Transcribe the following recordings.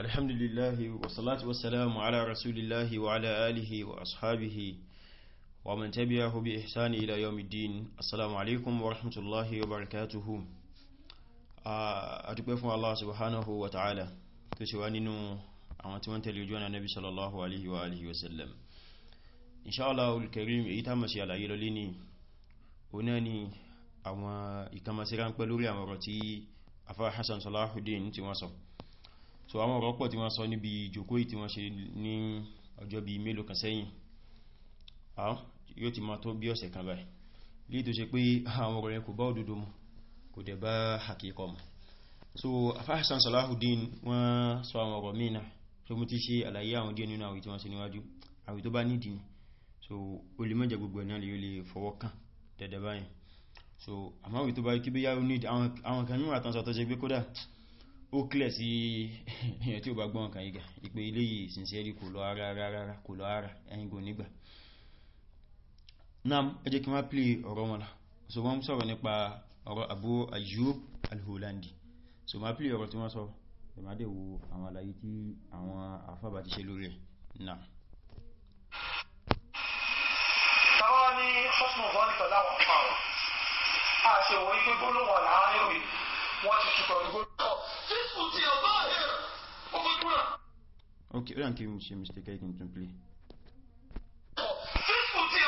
الحمد لله والصلاة والسلام على رسول الله وعلى آله وأصحابه ومن تبعه بإحسان إلى يوم الدين السلام عليكم ورحمة الله وبركاته أتقف الله سبحانه وتعالى تسوانين أمتمن تلجون النبي صلى الله عليه وآله وسلم إن شاء الله الكريم إيتام سيالا يلوليني وناني أما إكما سيران قبلوري أمرتي أفا حسن صلاح الدين تواصل so àwọn ọ̀rọ̀pọ̀ tí wọ́n sọ níbi ìjòkó tí wọ́n ṣe ní ọjọ́ bí mélòó kan sẹ́yìn yóò ti máa tó bí ọ̀sẹ̀ kan báyìí lè tó ṣe pé àwọn ọ̀rọ̀ kò bá òdodo mu kò dẹ̀ bá hakíkọ mu so afáhassan Salahuddin wọ́n sọ àwọn ọ̀rọ̀ míì náà so mo ti ṣe àlàyé àwọn díẹ̀ nínú àwẹ̀ tí wọ́n ṣe níwájú àwẹ̀ tó bá nídìí so o lè mẹ́jẹ gbogbo ẹ̀ náà lè lè fọwọ́ kàn dẹ̀dẹ̀ báyìí so àmáwẹ̀ tó bá kí bí yá o nídìí àwọn kan níwà tán sọ tó ṣe pé kódà ó kílẹ̀ sí èyàn tí ó bá gbọ́n kan yíga ìpé ilé yìí sincerely kò lọ ara rárá kò lọ ara ẹ̀yìngò nígbà náà ẹ jẹ́ kí wọ́n play ọ̀rọ̀ wọn so wọ́n sọ̀rọ̀ nípa ọ̀rọ̀ Abu Ayyub al-Hulandi so ma play ọ̀rọ̀ tí wọ́n sọ̀rọ̀ ìmádé wo àwọn àlàyé tí àwọn àfábà ti ṣe lórí ẹ̀ náà táwọn ní Okay, ti tukọ̀ ìgbóná. fífù mistake i can tún play. fífù tí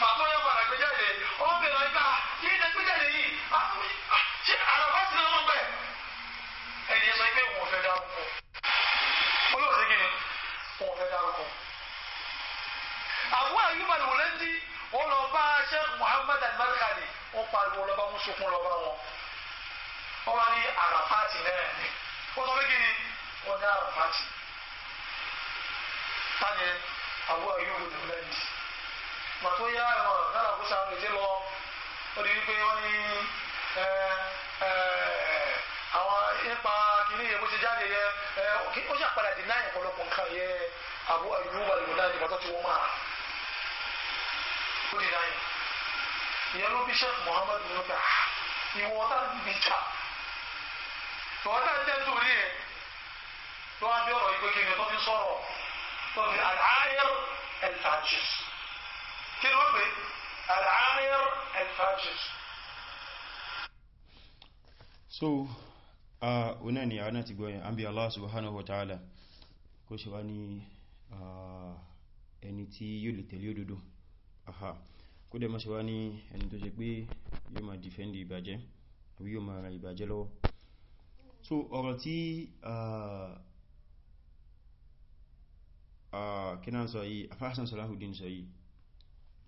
màtó yẹ padà gbé jáde ó bẹ̀rẹ̀ ìgbà yé ẹ gbé jáde yìí ṣé àlọ́fà sí ọmọ bẹ́ẹ̀ ẹni sọ pé òun ò fẹ́ dárúkọ olóòtú kí ni òun ò fẹ́ dárúkọ. àwọn àyùmọ̀ ni wọ́n lé ní wọ́n lọ bá Sheikh Muhammad al-Markali wọ́n pariwo lọ́ba ń sunkún lọ́ba wọn wọ́n wá ní àràfáàtì náà wọ́n sọ pé kí ni wọ́n ní àràfáàtì. táyẹ̀ àwọn àyùmọ̀ ni wọ́n lé ní gbà tó yá àwọn ọ̀rọ̀ náà kó sáré jẹ́ lọ ó di wípé wọ́n ní àwọn ipa kìíní yẹn bó ṣe jáde yẹ ó ṣàpadà dì náà ọ̀pọ̀lọpọ̀ nǹkan yẹ àbú àyùbá ìlú náà nígbà tó ti wọ́n máa ó di náà ìyẹn ló bí sheikh muhammad nínú pé ah, ìwọ ọ̀tá bí ta ìwọ ọ̀tá jẹ́ nítorí ẹ̀ tó wá bí ọ̀rọ̀ ìgbékèké tó fi sọ̀rọ̀ tó fi àlàyé ẹ̀ fàájì kí ni wọ́n pè so ọ̀nà ni àwọn ti gbọ́yìn an bí Allah subhanahu wa ta'ala kó ṣe wá ní ẹni tí yóò lè tẹ̀lé òdodo aha kó dẹ̀ má ṣe wá ní ẹni tó ṣe pé yóò máa dìfẹ́ndì ìbàjẹ́ àbí yóò máa ra ìbàjẹ́ lọ́wọ́ so ọ̀rọ̀ tí kí náà sọ yìí afásan Salahuddin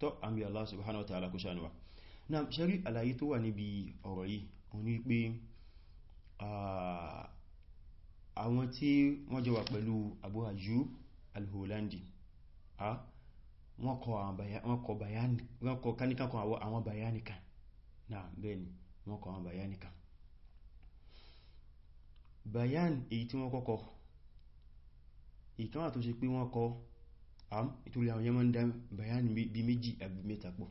tọ́ àmì Allah subhanahu wa ta'ala kó ṣàánú wa náà ṣẹ́rí àlàyé tó wà níbi ọ̀rọ̀ yìí wọ́n ní pé àwọn tí wọ́n jọ wà pẹ̀lú Abu Ayyub al-Hulandi wọ́n kọ kaníkan kan àwọn bayanikan náà bẹ́ẹ̀ ni wọ́n kọ àwọn bayanika bayan èyí tí wọ́n kọ́kọ́ ìkan wà am ìtòrí àwọn yẹmọ́ ń dá bayan bí méjì àbí mẹ́ta pọ̀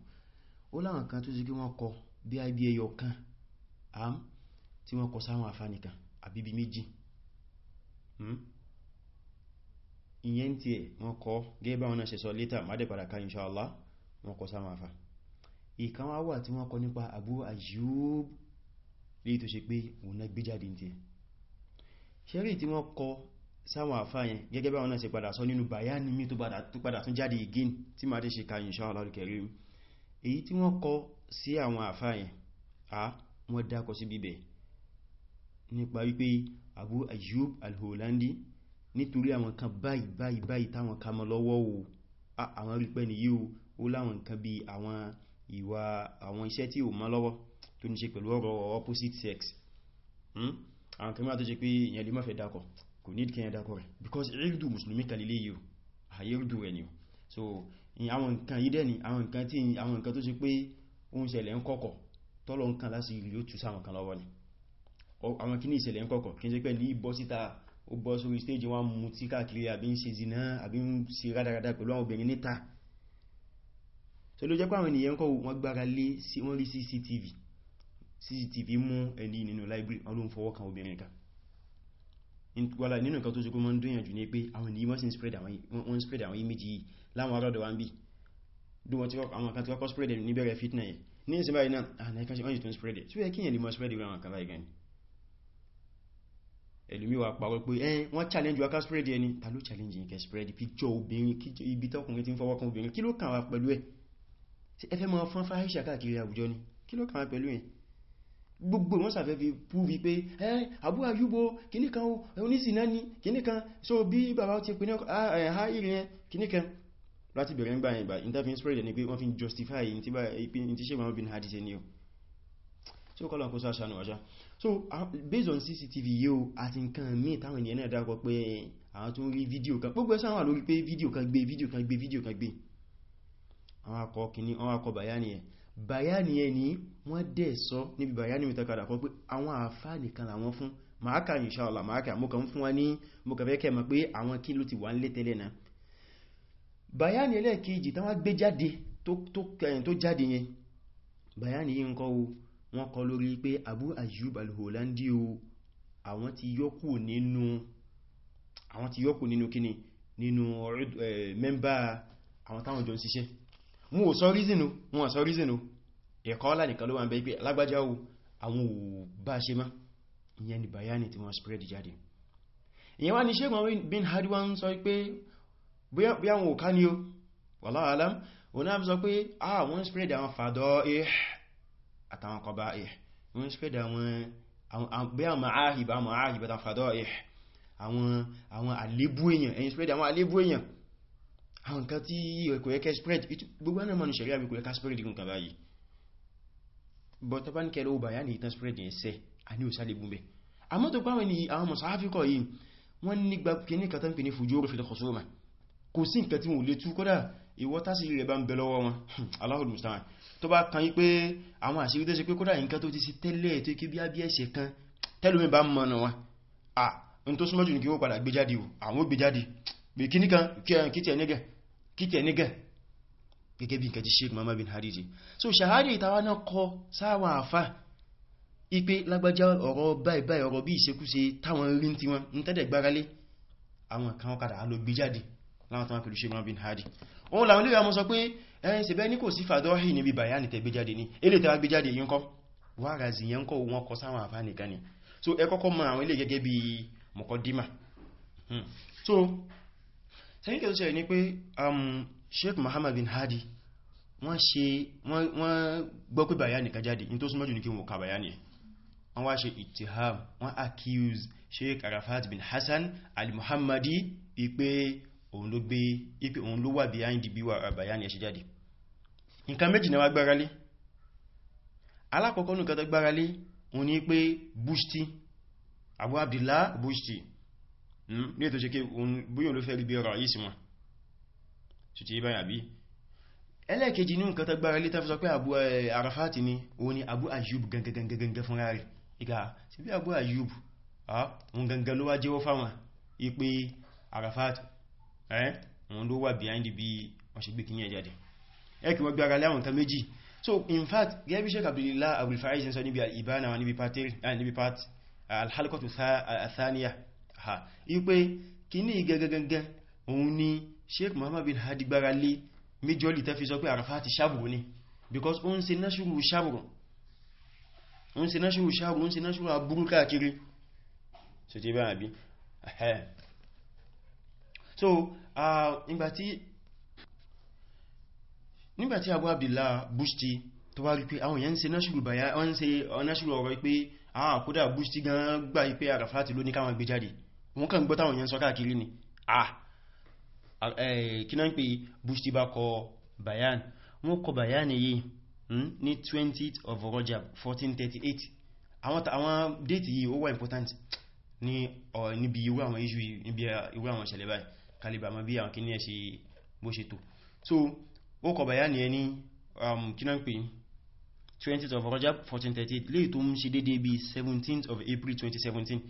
ó láwọn kan tó sì kí wọ́n kọ bí i bí ẹyọ kan am tí wọ́n kọ sáwọn àfánìkan àbí bí méjì hmm? ìyẹn tí ẹ̀ wọ́n kọ gẹ́gẹ́ báwọn náà ṣe sọ létà mádẹ̀padà ká inṣáàlá wọ́n kọ sáwọn Abu Ayyub léyìí tó ṣe pé òun náà gbé jáde sáwọn àfáyẹn gẹ́gẹ́ bá wọn náà ṣe padà sọ nínú bayani mi tó padà tún jáde again tí ma dé ṣe ka insha Allah al-Karim èyí tí wọ́n kọ sí àwọn àfáyẹn a wọ́n dákọ sí bíbẹ̀ nípa wípé Abu Ayyub alholandi, holandi nítorí àwọn kan báyìí báyìí báyìí táwọn kamọ lọ́wọ́ o àwọn rí pẹ́ nìyí o ó láwọn nǹkan bí àwọn ìwà àwọn iṣẹ́ tí ò mọ́ lọ́wọ́ tó ní ṣe pẹ̀lú ọ̀rọ̀ opposite sex hmm? àwọn kan máa tó ṣe pé ìyẹn lè má dákọ̀ kò ní kí ẹ dákọ̀ rẹ̀ because irdu musulmi kalilé yìí ààyè irdu rẹ̀ ni so àwọn nǹkan yìí dẹ́ni àwọn nǹkan tí àwọn nǹkan tó ṣe pé ó ń ṣẹlẹ̀ ń kọ́kọ̀ tọ́lọ̀ nǹkan láti rí ó tú sáwọn kan lọ́wọ́ ni àwọn kí ní ìṣẹ̀lẹ̀ ń kọ́kọ̀ kí n ṣe pé ní bọ́ síta ó bọ́ sórí stage wọn mú tí káàkiri àbí ń ṣe zina àbí ń ṣe rádaràdà pẹ̀lú àwọn obìnrin níta so ló jẹ́ pé àwọn ènìyàn kọ́ wọ́n gbára lé sí wọ́n rí cctv cctv mú ẹni nínú library wọ́n ló ń fọwọ́ kan obìnrin kan wala nínú nǹkan tó ṣe kó mọ́ ń dúnyànjú ní pé àwọn ènìyàn wọ́n sì ń spread àwọn image yìí láwọn arọ́dọ̀ wa ń bí dúwọ́n tí àwọn kan tí wọ́n kọ́ spread ní bẹ̀rẹ̀ fitna yìí ní ìsìn báyìí náà ah, àwọn ẹ̀kan ṣe wọ́n yìí tó ń spread challenge wa ká spread challenge yìí kẹ spread picture obìnrin ibi tọkùnrin ti ń fọwọ́ kan obìnrin kí ló kàn wá pẹ̀lú ẹ ẹ fẹ́ mọ́ gbogbo wọn sàfẹ́ fi pú wí pé ẹ́ Abu Ayubo kìníkan onísìná ní kìníkan so bí bàbá ti pè ní ah, ha ìrìn kìníkan láti bẹ̀rẹ̀ ń gbà ìgbà interview spread ni pé wọ́n fi ń justify in ti ṣe wọn bí hadith ni o tí ó kọ́lọ̀ kó sáà ṣànú ọjá so based on CCTV yíò àti nǹkan míì táwọn ènìyàn náà dákọ pé àwọn tó ń rí fídíò kan gbogbo ẹsẹ́ àwọn lórí pé fídíò kan gbé fídíò kan gbé fídíò kan gbé àwọn akọ kìíní àwọn akọ bàyá nìyẹn bayani ẹ ní wọ́n dẹ̀ sọ níbi bayani mitakada kan pé àwọn àfá nìkan àwọn fún màákà inshallah màákà mo kàn fún wa ní mo kàn fẹ́ kẹ́ mọ̀ pé àwọn kí ló ti wà ń lé náà bayani ẹlẹ́ẹ̀kejì tán wá gbé jáde tó jáde yẹn bayani yìí ń o wọ́n kọ lórí pé Abu Ayyub al-Holandi o àwọn ti yọ́kù nínú àwọn ti yọ́kù nínú kíni nínú mẹ́mbà àwọn táwọn jọ ń ṣiṣẹ́ wọn ò sọ reason o wọn ò sọ reason o ẹ̀kọ́ ọlá nìkan ló wà ń bẹ́ pé alágbájá o àwọn ò bá ṣe má ìyẹn ni bayani tí wọ́n spread jáde ìyẹn wá ní ṣégun bin hadiwa ń sọ pé bí àwọn òká ní o wallahu alam òun náà sọ pé ah wọ́n spread àwọn fadaih àtàwọn qabaih wọ́n spread àwọn bí àwọn ahìbá àtàwọn fadaih àwọn àwọn nǹkan tí kò yẹ ká spread gbogbo ẹ̀nà mọ̀nà ṣẹ̀rí àbíkò yẹ ká spread gùn kàbá yìí but tọ́bá ní kẹrẹ ọba yà ní ìtàn spread yẹn sẹ́ a ní òsà lè àmọ́ tó pàwọn ni àwọn mọ̀sáfíkọ̀ yìí wọ́n ní gba kíní kàtàn pè ní fujuru fil khusuma kò sí nǹkan tí wọ́n lè tú kódà ìwọ́ tásì rẹ̀ bá ń bẹ lọ́wọ́ wọn hmm, Allahul musta'an tó bá kan yí pé àwọn àṣírí tó ṣe pé kódà nǹkan tó ti sí tẹ́lẹ̀ tó kí bí ábí ẹ̀ṣẹ̀ kan tẹ́lómi bá kíkẹ nígẹ̀ gẹ́gẹ́ bí ìkẹjì sheik Muhammad bin Hariri so ṣàhádì ìtawà náà kọ sáwọn àfá ipé lágbàjá ọ̀rọ̀ báyìí báyìí ọ̀rọ̀ bí ìṣekúṣe táwọn rí tí wọn ń tẹ́dẹ̀ gbáralé àwọn kan kàdà á lọ gbé jáde láwọn tán pẹ̀lú sheik Muhammad bin Hadi òun làwọn olóyà mọ́ sọ pé ẹ̀yìn eh, ṣẹ̀bẹ́ ní kò sí fàdọ́hì níbi bàyánì tẹ́ so ẹ kọ́kọ́ mọ̀ àwọn ilé gẹ́gẹ́ bí hmm. so sẹ́yìnkẹ́ tó ṣẹlẹ̀ ní pé um, Sheikh Muhammad bin Hadi wọ́n gbọ́ pé bayani kan jáde in tó súnmọ́ jù ní kí wọ́n ka bayani wọ́n wá ṣe ittiham wọ́n accuse Sheikh Arafat bin Hassan al-Muhammadi ipe òun ló gbé ipe òun ló wà behind bí wà bayani ẹ̀ ṣe jáde nǹkan méjì náà wá gbára lé alákọ̀ọ́kọ́ ní hmm? ètò ṣe kí bóyọ̀ ló fẹ́ rí bí ọ̀rọ̀ ayé sí wọn ṣe tí báyà bí ẹlẹ́ẹ̀kejì ní nǹkan tagbára lé tafisọ pé Abu eh, Arafati ni òun ni Abu Ayyub gangangangangan fún rárẹ̀ Abu Ayyub òun gangan ló wá jẹ́wọ́ fáwọn ipé Arafati òun ló behind bí wọ́n ṣe gbé kí yẹn jáde ẹkì wọ́n so in fact gẹ́gẹ́ bí Sheikh Abdullah Abdul Faiz sọ níbi Al-Ibana wa níbi part ah, ah, wípé kíní gẹ́gẹ́gẹ́gẹ́ òun ni sheik muhammad bin hadi gbára lé méjọ́lì tẹ́fi sọ pé àràfà ti ṣàbùrù ni because ó ń ṣe náṣùrù ṣàbùrù ó ń ṣe náṣùrù ṣàbùrù ó ń ṣe káàkiri so ti bẹ́rẹ̀ bí so nígbàtí nígbàtí abu abdullah bushti tó wá rí pé àwọn èèyàn ń ṣe bàyá wọ́n ń ṣe ọ̀rọ̀ pé ah kódà bushti gan gbà pé àràfà ti ló ní káwọn gbé jáde wọ́n kàn gbọ́ta òyìn sọ káàkiri ni ah eh, kí náà ń pè bushtiba kọ bayan wọ́n kọ bayan yìí hmm, ní 20th of Rajab 1438 àwọn déètì yìí ó wà important ní níbi irú àwọn iṣu níbi uh, irú àwọn ìṣẹ̀lẹ̀ báyìí kalibà mọ́ bí àwọn kí ní ẹ̀ bó ṣe tó so ó kọ bayan yẹn ní um, kí náà ń pè 20th of Rajab 1438 léè tó ń ṣe déédéé bí 17th of April 2017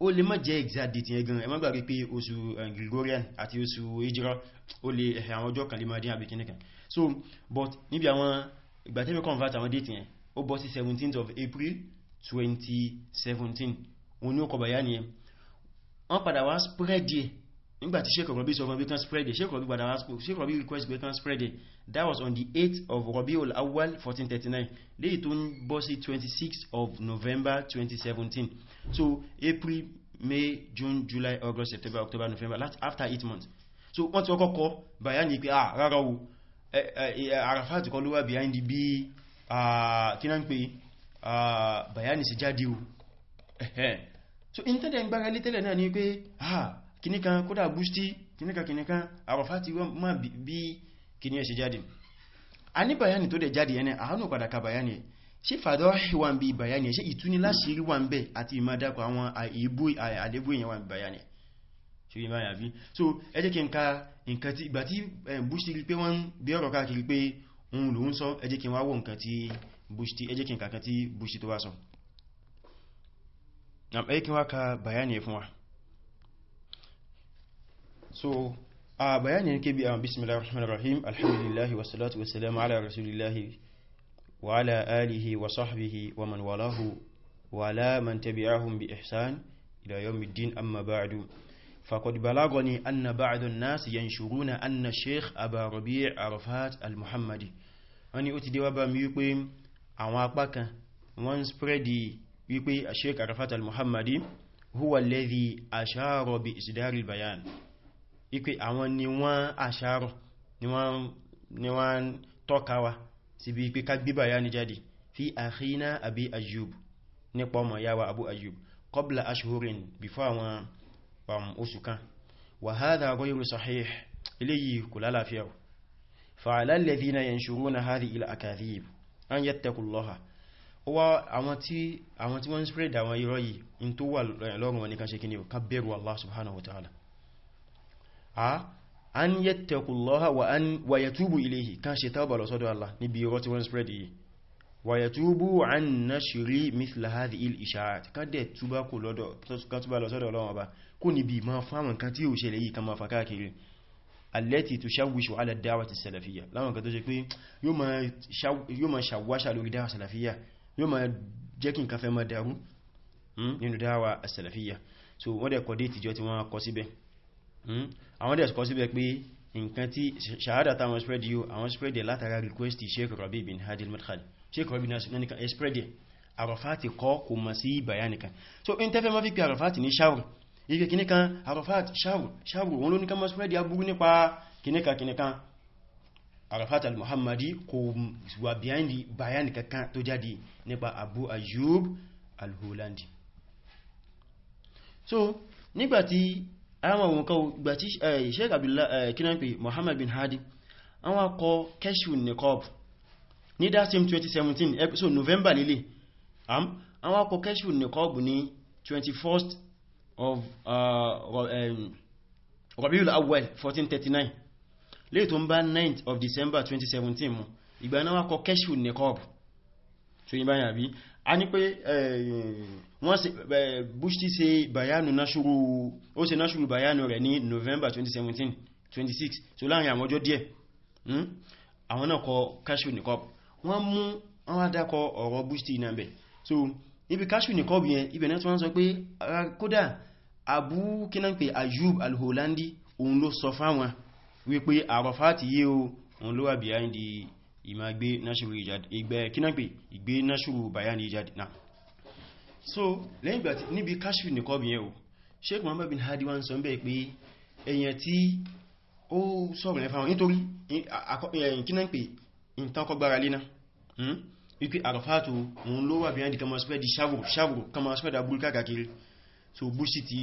ó lè má jẹ́ exact date yẹn gan ẹ má gbàgbé pé oṣù eh, Gregorian àti oṣù Hijra ó lè ẹ̀hẹ̀ eh, àwọn ọjọ́ kan lè máa dín àbí so but níbi àwọn ìgbàtẹ́mí convert àwọn date yẹn ó bọ́ sí 17th of April 2017 òun ni ó kọ̀bàyá nìyẹn wọ́n padà wá spread díẹ̀ nígbàtí sheik Rabi sọ fún bekan spread sheik Rabi gbada raspo sheik Rabi request bekan spread that was on the 8th of Rabiul Awwal 1439 léyìí tó ń bọ́ sí 26th of November 2017 so April May June July August September October November láti after 8 months so wọ́n ti kọ́kọ́ kọ́ bàyá ní pé ah rárá o Arafat kọ́ ló wà behind bí kí náà ń pè bàyá ní sí jáde o so intended gbára lé tẹ́lẹ̀ náà ni pé ah kìníkan kódà bústí kìníkan kìníkan àrọ̀fá ti wọ́n má bí kìní ẹ̀ jáde a ní bayani tó dẹ̀ jáde ẹni àánú padà ka bayani ẹ̀ ṣe fàdọ́ wà bí bayani ẹ̀ ṣe ìtúni láṣìírí wà ń bẹ̀ àti ìmọ̀dákọ̀ àwọn àlébù èèyàn wà bayani ṣe rí báyà so ẹ jẹ́ kí n ka nǹkan tí ìgbà tí bústí rí pé wọ́n bí ọ̀rọ̀ káàkiri pé òun lòun sọ ẹ jẹ́ kí n wá bayani ẹ̀ fún wa so a bayani ke bi a bismillah rahman rahim alhamdulillahi wasalatu wasalamu ala rasulillahi wa ala alihi wa sahbihi wa man walahu wa ala man tabi'ahum bi ihsan ila yawmiddin amma ba'du faqad balagani anna ba'du an-nas yanshuruna anna sheikh aba rabi' arafat al-muhammadi wani ó ti dé mi wípé àwọn apá kan spread wípé sheikh arafat al-muhammadi huwa alladhi ashara bi isdar al-bayan wípé àwọn ni wọ́n àṣàrò ni wọ́n tọ́ka wa síbi pé ká gbíbà yá ni jáde fi akhina abi ayyub nípa ọmọ yá wa abu ayyub qabla ashhurin before àwọn um, oṣù kan wa hadha ghayru sahih iléyìí kò lálàáfíà fa'ala alladhina yanshuruna hadhihi al-akadhib an yattaqullaha wá àwọn tí wọ́n ń spread an yattaqullaha wa yatubu ilayhi kan ṣe tauba lọ sọ́dọ̀ Allah níbi irọ́ tí wọ́n spread yìí wa yatubu an nashri mithla hadhihi al-isha'at kan dẹ̀ túbá kò lọ́dọ̀ kan túbá lọ sọ́dọ̀ Ọlọ́run Ọba kò ní bí fáwọn kan tí ó ṣẹlẹ̀ yìí kan máa fà káàkiri allati tushawwishu ala ad-da'wati as-salafiyya láwọn kan tó ṣe pé yóò máa ṣàwáṣà lórí dáwà salafiyya yóò máa jẹ́ kí nǹkan fẹ́ máa dàrú hmm, nínú dáwà as so wọ́n dẹ̀ kọ́ dé ìtìjọ tí wọ́n kọ síbẹ̀ Hmm? àwọn dẹ̀ sọ síbẹ̀ pé nǹkan tí ṣàhádà táwọn spread yíò àwọn spread yẹ látara request Sheikh Rabi bin Hadi al-Madkhali Sheikh Rabi náà spread yẹ Arafati kọ́ kò mọ̀ sí bayanikan so in tẹ́fẹ́ ma fi pé Arafati ní ṣáwùr ife kìníkan Arafati ṣáwùr ṣáwùr wọn ló ní ká mọ́ spread yà burú nípa kìníkan kìníkan Arafati al-Muhammadi kò wà bayanikan kan tó jáde nípa Abu Ayyub al-Hulandi so nígbàtí àwọn òun kọ́ gbà tí Sheikh Abdullah kínàpé Muhammad bin Hadi àwọn akọ Kashful Niqab ní dasim 2017 episode November lílé àwọn akọ Kashful Niqab ní 21st of uh, Rabiul Awwal 1439 lè tó ń bá 9th of December 2017 mu ìgbà náà akọ Kashful Niqab tó a ní pé eh, wọ́n ṣe eh, Bushti se bayanu nashuru ó ṣe nashuru bayanu rẹ̀ ní November 2017 26 so láàrin àwọn ọjọ́ díẹ̀ hmm? àwọn náà kọ kashu nìkọ́ wọ́n mú wọ́n wá dákọ ọ̀rọ̀ Bushti náà bẹ̀ so níbi kashu nìkọ́ bí yẹn ibẹ̀ náà tí wọ́n sọ pé ah, kódà Abu kínan pé Ayub al-Holandi òun ló sọ fáwọn wípé Arafat yìí o òun ló wà behind the ìmá gbé náṣùrù ìjáde ìgbẹ́ kínápè ìgbé náṣùrù bayani ìjáde náà so lẹ́yìn ìgbà tí níbi kashfu nìkọ́ bí yẹn o sheik muhammad bin hadi wa ń sọ bẹ́ẹ̀ pé èyàn tí ó sọ̀rọ̀ ẹ̀ fáwọn nítorí kínápè ìtànkọgbára lé náà hmm? wípé àrọ̀fàtò òun ló wà bíyàndì kan so bú sí ti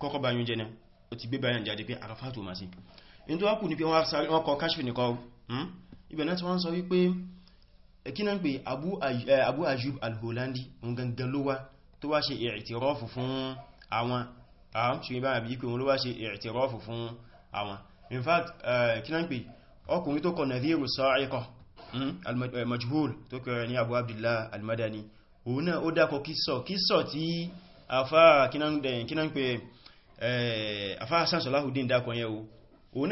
kọ́kọ́ báyún jẹ́ náà ó ti gbé báyàn jáde pé àrọ̀fàtò máa sí in tó ibẹ̀ náà tí wọ́n sọ wípé ẹ̀kínà ń pè Abu Ajub al-Holandi ngangan ló wá tó wá ṣe ìrìtìrọ́fù fún àwọn àwọn ṣe bá àbí pé wọ́n ló wá ṣe ìrìtìrọ́fù fún àwọn in fact ẹ̀kínà ń pè ọkùnrin tó kọ Nadhiru Sa'iqa hmm, al-Majhul tó kẹrẹ ní Abu Abdullah al-Madani òun náà ó dákọ kíṣọ̀ kíṣọ̀ tí afá kínà ń pè afá Hassan Salahuddin dákọ yẹn òun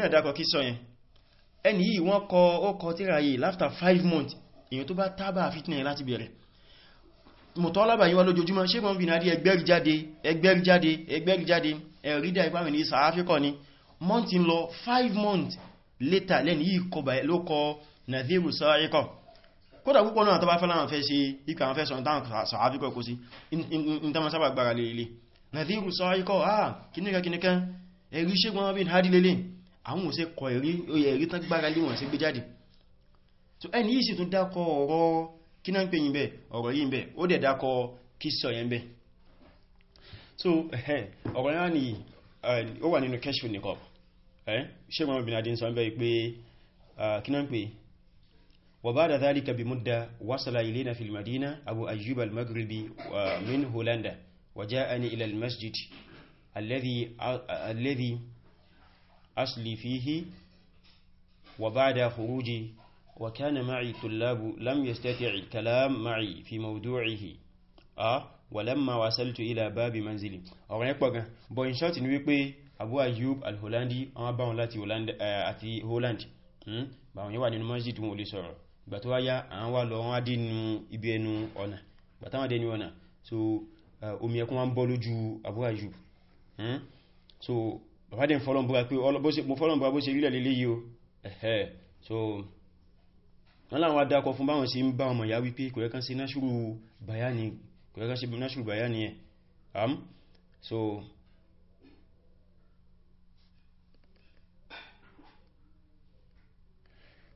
ẹni yìí wọ́n kọ ó kọ tíra yìí after 5 months èyàn tó bá tábà fitna láti bẹ̀rẹ̀ mọ̀tọ́lábà yíwá lójoojúmọ́ ṣe mọ́ bí náà rí ẹgbẹ́rí jáde ẹgbẹ́rí jáde ẹgbẹ́rí jáde ẹ̀rídà ìpàmì ní South ni month in lọ 5 months later lẹ́ni yìí kọ bá ló kọ nàdírù sáríkọ̀ kódà púpọ̀ náà tó bá fẹ́ láwọn fẹ́ ṣe ikọ̀ àwọn fẹ́ sọ dáhùn South Africa kó sí in sábà gbára lè lè nàdírù sáríkọ̀ ah kìnnìkan kìnnìkan ẹ̀rí ṣe mọ́ bí àwọn òṣè kọ oyè ẹ̀rí tán gbára lé wọn sí gbé jáde so ẹni yìí sì tún dákọ ọ̀rọ̀ kí náà ń pè yín bẹ́ ọ̀rọ̀ yìí bẹ́ ó dẹ̀ dákọ kí sọ yẹn bẹ́ so ọ̀rọ̀ yẹn ni ó wà nínú kẹ́ṣù nìkan ṣe mọ́ obìnrin adé ń sọ bẹ́ẹ̀ pé kí náà ń pè wa ba'da dhalika bi mudda wasala ilayna fil madina abu ayyub al-maghribi min holanda أصلي فيه وبعد خروجي وكان معي طلاب لم يستطع الكلام معي في موضوعه أه ولما وصلت إلى باب منزلي ọ̀rọ̀ yẹn pọ̀ gan but in short ni wípé Abu Ayyub al-Holandi wọ́n bá wọn láti Holland àti Holland hmm? bá wọn yẹn wà nínú masjid wọn ò lè sọ̀rọ̀ ìgbà tó wáyá àwọn wà lọ wọ́n á dínú ibi ẹnu ọ̀nà ìgbà táwọn dẹnu ọ̀nà so omi ẹkún wọn bọ́ lójú Abu Ayyub hmm? so bàbá dẹ̀ fọ́lọ́n búra pé mo fọ́lọ́n búra bó ṣe rílẹ̀ lélé yíò ẹ̀hẹ́ so wọ́n láwọn adákọ̀ fún báwọn sí ń bá ọmọ ya wípé kò yẹ́kan sí náṣùrù bayani ẹ̀ am so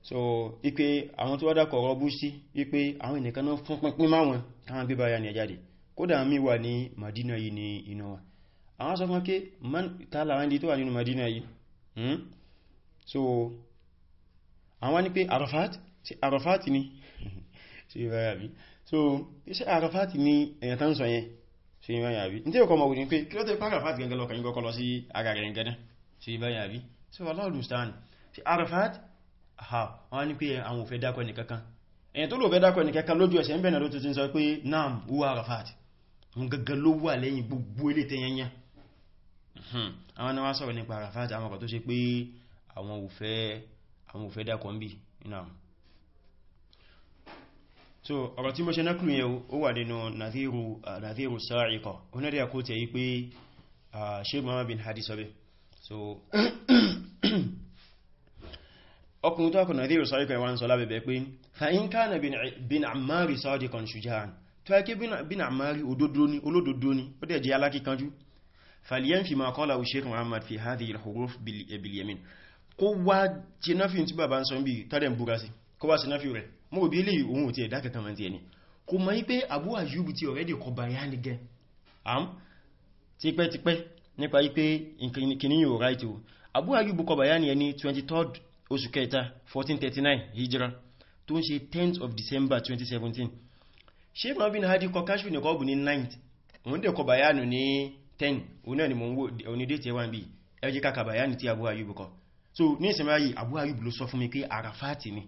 so ipe àwọn tó wádá kọ̀rọ̀ bú sí wípé àwọn ènìyàn náà fún pínpín máwọn káwọn gbé bayani ẹ̀ jáde kódà mi wà ní Madina yìí ní inú wọn àwọn sọ fún kí man tààlà wọ́n di tó wà nínú Madina yìí hmm? so àwọn ní pé Arafat sí Arafat ni sí ìbára bí so iṣẹ́ Arafat ni èyàn tán sọ yẹn sí ìbára bí ní tí ó kọ mọ̀ wùdí pé kí ló tẹ́ pé Arafat gẹ́gẹ́ lọ sí ara gẹ́gẹ́ so ọlọ́ọ̀dù stan sí Arafat ha wọ́n ní pé àwọn òfẹ́ dákọ̀ ní kankan èyàn tó lò fẹ́ dákọ̀ ní kankan lójú ẹsẹ̀ ń bẹ̀rẹ̀ ló tuntun sọ Hmm. àwọn náà wá sọ̀rọ̀ nípa Arafat àwọn ọkọ̀ tó ṣe pé àwọn ò fẹ́ dákọ̀ ń bí iná so ọ̀rọ̀ tí mo ṣe náklù yẹn ó wà nínú Nadhiru uh, Sa'iqa onídẹ̀ kó tẹ̀ yí pé uh, ṣe Muhammad bin Hadi sọ so ọkùnrin tó ọkùnrin Nadhiru Sa'iqa wọ́n sọ lábẹ̀bẹ̀ pé fa'in kana bin Ammari sadiqan shuja'an tó yẹ kí bin Ammari olódodo ni فلينفي ما قاله الشيخ محمد في هذه الحروف باليمين kó wá jẹnáfíìn tí bàbá ń sọ bí tọ́dẹ̀ ń búra sí kó wá sínáfíìn rẹ̀ mọ́ òbí ilé ohun òtí ẹ̀dá kankan ti ẹni kò mọ́ wípé Abu Ayyub ti ọ̀rẹ́dì kọba ya am tipẹ́tipẹ́ nípa wípé kìníyàn ò ráìtì Abu Ayyub kọba ya ní ẹni 23rd oṣù kẹta 1439 hijra tó ń ṣe 10th of December 2017 sheikh robin hadi kọ kashfi ní kọ́ọ̀bù ní 9th òun 10 oní ẹni mọ̀ Oni de te ń bí ẹjẹ́ kàkàbà yá ní tí Abu Ayyub kọ so ni ìsinmi ayé Abu Ayyub ló sọ fún mi pé Arafati ni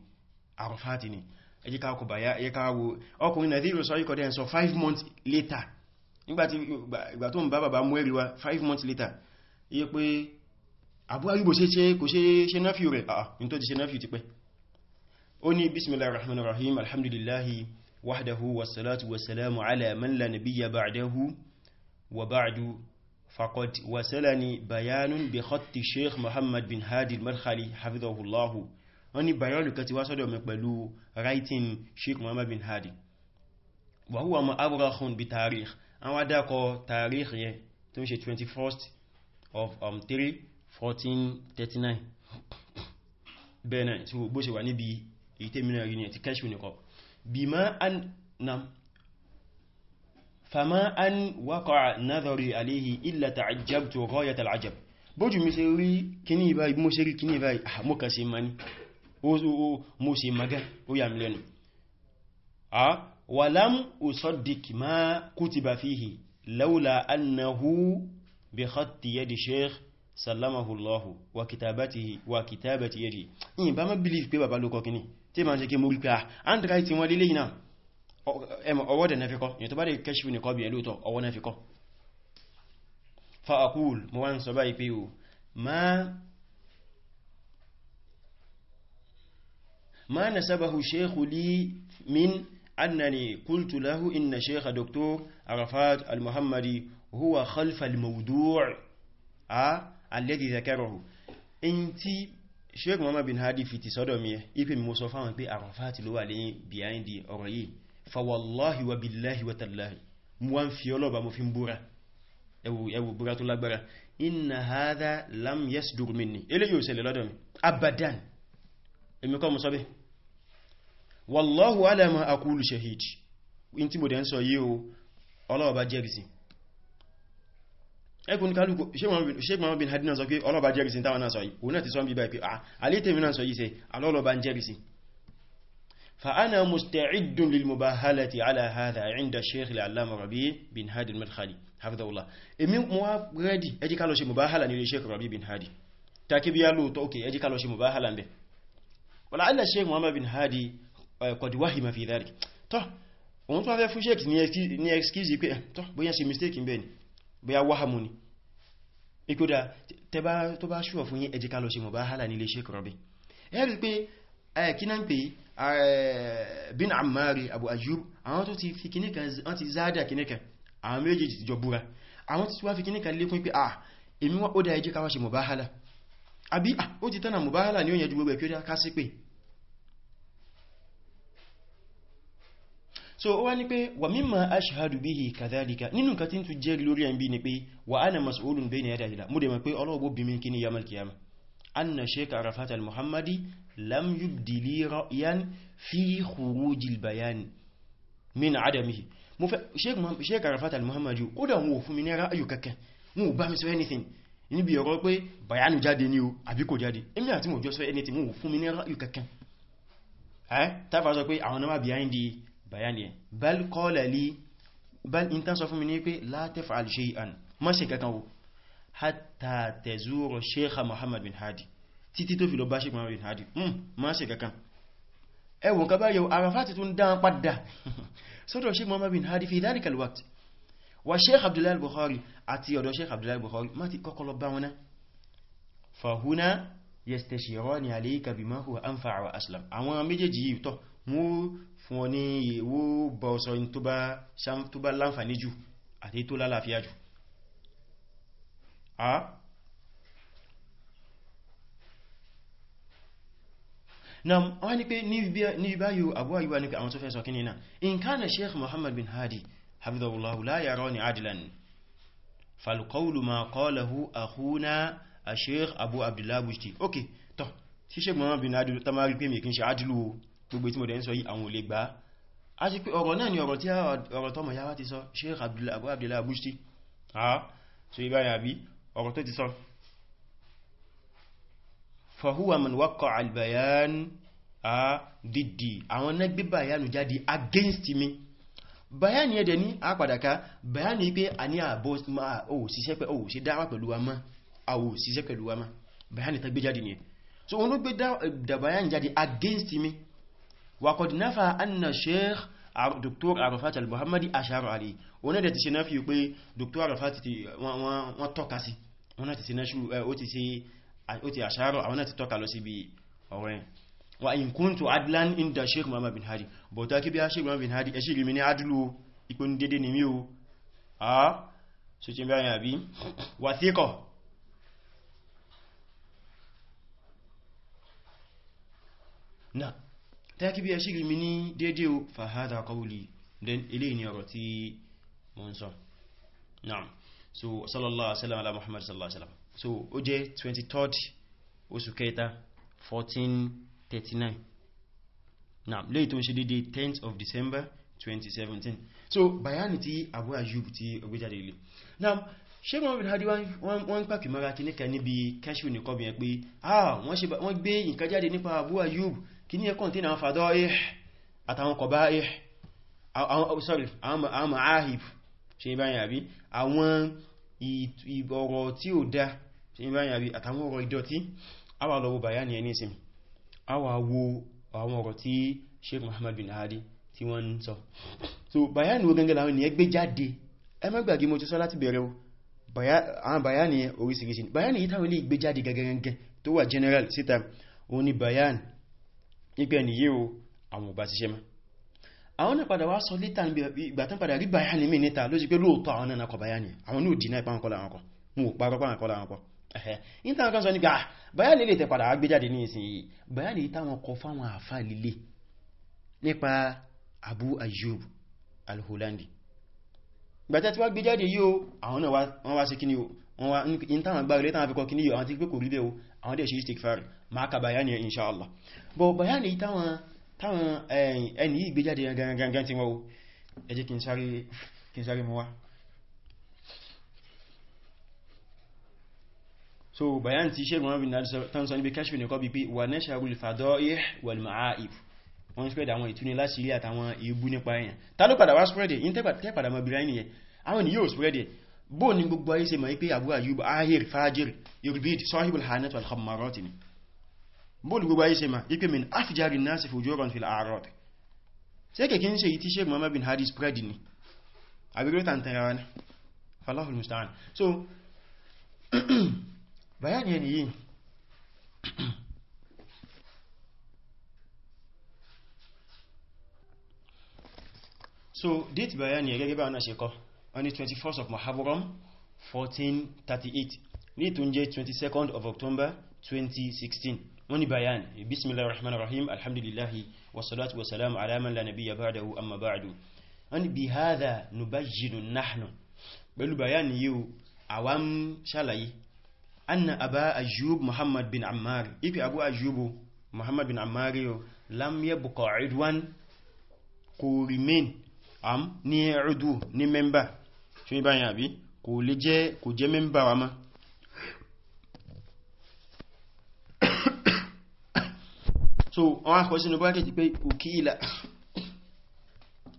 Arafati ni ẹjẹ́ kàkàbà yá ẹjẹ́ kàwò ọkùnrin Nadhiru sọ ikọ̀ dẹ́n so 5 months later nígbàtí ìgbà tó ń bá bàbá mú ẹ̀rí wa 5 months later iye pé Abu Ayyub ṣe ṣe kò ṣe ṣe náfíù rẹ̀ àà ní tó ti ṣe náfíù ti pẹ́ ó ní bismillahir rahmanir rahim alhamdulillahi wahdahu wassalatu wassalamu ala man la nabiyya ba'dahu وبعد فقد وصلني بيان بخط الشيخ محمد بن هادي المرخلي حفظه الله أني بيان كتي وصل مقبلو رايتين شيخ محمد بن هادي وهو ما أبرخ بتاريخ أنا داكو تاريخ يه تمشي 21st of um, 3 1439 بنا so bó ṣe wà níbi èyí tẹ́mìnà rí ní ẹ̀tí kẹ́ṣù fama an waqa'a nadhari alayhi illa ta'ajjabtu ghayat al'ajab bójú mi ṣe rí kíní báyìí mo ṣe rí kíní báyìí ah mo kàn ṣe mani o mo ṣe maga ó yà mí lẹ́nu ah wa lam usaddiq ma kutiba fihi laula annahu bi khatti yadi sheikh sallamahu allah wa kitabatihi wa kitabati yadi in ba ma believe pé baba ló kọ kíní tí ma ṣe ke mo rí pé ah handwriting wọn leleyi náà ọwọ́ dẹ̀ nẹ́fikọ́ yìí tó bá dẹ̀ kẹ́ṣífù ní kọ́bí ẹlútọ̀ ọwọ́ nẹ́fikọ́ fa'akul mo wá ń sọ báyìí pé o ma na sábàhù ṣeéhù lè min annani kultu lahu inna ṣeéhà dr arafat al-muhammadi huwa khalfa al-mawdu' a alladhi zakarahu in ti sheik muhammad bin hadi fiti sọ́dọ̀ mi ẹ ipe mo sọ fáwọn pé arafat ló wà lè lẹ́yìn behind ọ̀rọ̀ yìí fawallahi wa billahi wa tallahi mu wa ń fi ọlọ́ba mo fi ń búra ẹwù búra tó lágbára inna hadha lam yasdur minni eléyìí ò ṣẹlẹ̀ lọ́dọ̀ mi abadan èmi kọ́ mo sọ bẹ́ wallahu ala ma aqulu shahid in tí mo dẹ̀ ń sọ yí o ọlọ́ọ̀bá jẹ́rìsì ẹkùn kálùkù ṣégbàmọ́ bin hadina sọ pé ọlọ́ọ̀bá jẹ́rìsì táwọn náà sọ yìí فأنا مستعد للمباهلة على هذا عند الشيخ العلامة ربيع بن هادي المدخلي حفظه الله èmi mo wá ready ẹ jẹ́ ká lọ ṣe mubahala ní Sheikh Rabi bin Hadi takibi ya lo to okay ẹ jẹ́ ká lọ ṣe mubahala nbe wala alla Sheikh Muhammad bin Hadi qad wahima fi dhalik tó wọ́n tó fẹ́ fún sheikh ní ní excuse pé tó bóyá ṣe mistake nbe ni bóyá wahamu ni ikoda tẹ́ bá tó bá sure fún yín ẹ jẹ́ ká lọ ṣe mubahala ní Sheikh Rabi ẹ rí pé eh kinan pe Eh, bin amari abu ajub àwọn tó ti fi kíní kan wọ́n ti záàdà kíní kan àwọn méjì ti jọ búra àwọn ti wá fi kíní kan lékún pé à èmi wọ́n ó dá ẹjẹ́ káwàṣe mọ̀báhálà àbí à ó ti tánà mọ̀báhálà ní òyìnjú gbogbo ẹ̀kẹ́ ká sí pé so ó wá ní pé wà mímọ̀ ashhadu bihi kadhalika nínú nǹkan tí ń tún jẹ́rìí lórí ẹ̀ ń bí ni pé wà á mas'ulun bayna yadayhi mo dẹ̀ mọ̀ pé ọlọ́wọ́ mi kí yamal kiyama أن شيك عرفات al لم lam لي رأيا في خروج البيان من عدمه. min شيك mo fẹ́ sheik sheik arafat al-muhammadi ó dá wọn ò fún mi ní ra'ayu kankan wọn ò bá mi sọ anything níbi ọ̀rọ̀ pé bayanu jáde ní o àbí kò jáde èmi àti mo jọ sọ anything wọn ò fún mi ní ra'ayu kankan eh ta sọ pé àwọn náà behind the bayan yẹn bal qala li bal in ta sọ fún mi ní pé la taf'al hatta tezuru sheikha muhammad bin hadi títí tó fi lọ bá sheikh muhammad bin hadi ma hmm, ṣe kankan ẹwọ̀n ka báyẹ̀ arafati tún dán padà sọ́dọ̀ sheikh muhammad bin hadi fi dhalika alwaqt wa sheikh abdullahi al-bukhari àti ọ̀dọ̀ sheikh abdullahi al-bukhari ma ti kọ́kọ́ lọ bá wọn fahuna yastashirani alayka bima huwa anfa wa aslam àwọn méjèèjì yìí tọ́ wọ́n fún ọ ní ìwó bọ̀ọ̀sọ̀ tó bá láǹfàní jù àti tó lálàáfíà jù ha na wọ́n ni pé ní báyìí Abu Ayyub ní pé àwọn tó fẹ́ sọ kí ní náà in kana Sheikh Muhammad bin Hadi hafidhahullahu la yarani adilan falqawlu ma qalahu akhuna a Sheikh Abu Abdullah Bushti ok tọ́ sí Sheikh Muhammad bin Hadi ta mari pé mi kí n ṣe adilu gbogbo tí mo dẹ̀ ń sọ yí àwọn olè a ti pé ọ̀rọ̀ náà ni ọ̀rọ̀ ọ̀rọ̀ tó ti sọ fahuwa man waqqa albayan a dìdì àwọn nẹ́gbé bayanu jáde against mi bayani ẹ̀dẹ̀ ní àpàdàká bayani pé a ní àbọ̀ o síṣẹ́ pẹ̀ o sí dáwà pẹ̀lú wa mọ́ a o síṣẹ́ pẹ̀lú wa mọ́ so wọn ló gbé da bayani jáde against mi wakọ̀dínáfà anna sheikh dr arafat al-muhammadi ashar ali wọn náà ti ṣe náà fi pé dr arafat wọ́n tọ́ka sí wọn náà ti ṣe náà ó ti ṣe ó ti ashar àwọn náà ti tọ́ka lọ sí bí ọ̀rẹ́ wa in kuntu adlan inda sheikh muhammad bin hadi bọ̀tá kí bí a sheikh muhammad bin hadi ẹṣì rí mi ní adúlù ipin dédé ni mí o a so ti bẹ́rẹ̀ àbí wà thíkọ̀ na tẹ́kí bí ẹ ṣírí mi ní dédé o fàhádà kọwùlì den ilé ni ọ̀rọ̀ tí mo ń sọ naam so sallallahu alaihi wasallam ala muhammad sallallahu alaihi wasallam so ó jẹ́ 23rd oṣù kẹta 1439 naam léyìí tó ń ṣe dédé 10th of december 2017 so bayani tí abu ayub ti ó gbé jáde ilé naam ṣe mọ́ bí hadi wọ́n ń pàkì mara kìníkà níbi kẹ́ṣù nìkọ́ bí yẹn pé ah wọ́n gbé nǹkan jáde nípa abu ayub kí ní ẹkùn tí na fàdọ́ ih àtàwọn kọba ih oh, sorry àwọn ma'ahib ṣe báyìí àbí àwọn ọ̀rọ̀ tí ó dá ṣe báyìí àbí àtàwọn ọ̀rọ̀ ìdọ̀tí awà lọ wo bàyá ní ẹni sim, awà wo àwọn ọ̀rọ̀ tí Sheikh Muhammad bin Hadi tí wọ́n sọ so bàyá ní ogangẹ́ láwọn ènìyàn gbé jáde ẹ má gbàgbé mo ti sọ láti bẹ̀rẹ̀ àwọn bàyá ni, orísìírísìí bàyá ní ìtàwọn ilé ìgbé jáde gẹ́gẹ́gẹ́ tó wà general síta òun ni bàyá ní nígbẹ́ ẹni yíò àwọn ọba ti ṣe mọ́ àwọn náà padà wá sọ lítà ìgbà tán padà rí bayani mi níta ló sì pé lóòótọ́ àwọn náà kọ bayani àwọn náà dínà ìpáwọn kọlà àwọn kọ mú ò parọ́ pàwọn kọlà àwọn kọ ẹ̀hẹ́ níta kan sọ ní gbà bayani lè tẹ padà wá gbéjáde ní ìsìn yìí bayani táwọn kọ fáwọn àfà líle nípa Abu Ayyub al-Hulandi gbàtẹ́ tí wá gbéjáde yìí o àwọn náà wá ṣe kíní o wọ́n wá ní táwọn gbáre létàwọn fi kọ kíní yìí àwọn ti gbé kò rí bẹ́ o àwọn dẹ̀ ṣe istikfari ma ka bayani insha Allah bo bayani táwọn táwọn eh, ẹni yìí gbé jáde gangan tí wọ́n wo ẹ jẹ́ kí n sáré mọ́ wá so bayan ti ṣe gbọ́nà bin tansan ibi kashfi ní kọ́ bí pé wà náà ṣàrù ìfàdọ́ wal ma'aib wọ́n spread àwọn ìtúni láti ilé àtàwọn ìbú nípa èèyàn ta ló padà wá spread in tẹ́pàdà mọ́ bìrá ènìyàn àwọn ni yóò spread bóò ní gbogbo ayé ṣe mọ̀ pé àbúrà yóò ahir fajir yorùbíd sahibul hanat wal khammarati ni bóòlù gbogbo ayé ṣe ma ipé min afjari nasi fujuran fil a'rad ṣe kèkí ń ṣe yìí tí sheik muhammad bin hadi spread ni abirin tantara ni falahul musta'an so bayani ẹni yìí so date bayani ẹ gẹ́gẹ́ bá wọn ṣe kọ́ on the 21st of muharram 1438 ní tó ń jẹ́ 22nd of october 2016 wani bayan bismillahir rahmanir rahim alhamdulillahi wassalatu wassalamu ala man la nabiyya ba'dahu amma ba'du wani bi hadha nubajjidu nahnu pẹ̀lú bayan yìí awam ṣàlàyé anna aba ajub muhammad bin ammar ipi abu ajub muhammad bin ammar yo lam yabqa udwan kò remain am ni udu ni member so ni bayan àbí kò lè jẹ́ kò jẹ́ member wa ma so wọ́n á kọ sínú bọ́kẹ̀tì pé òkìlá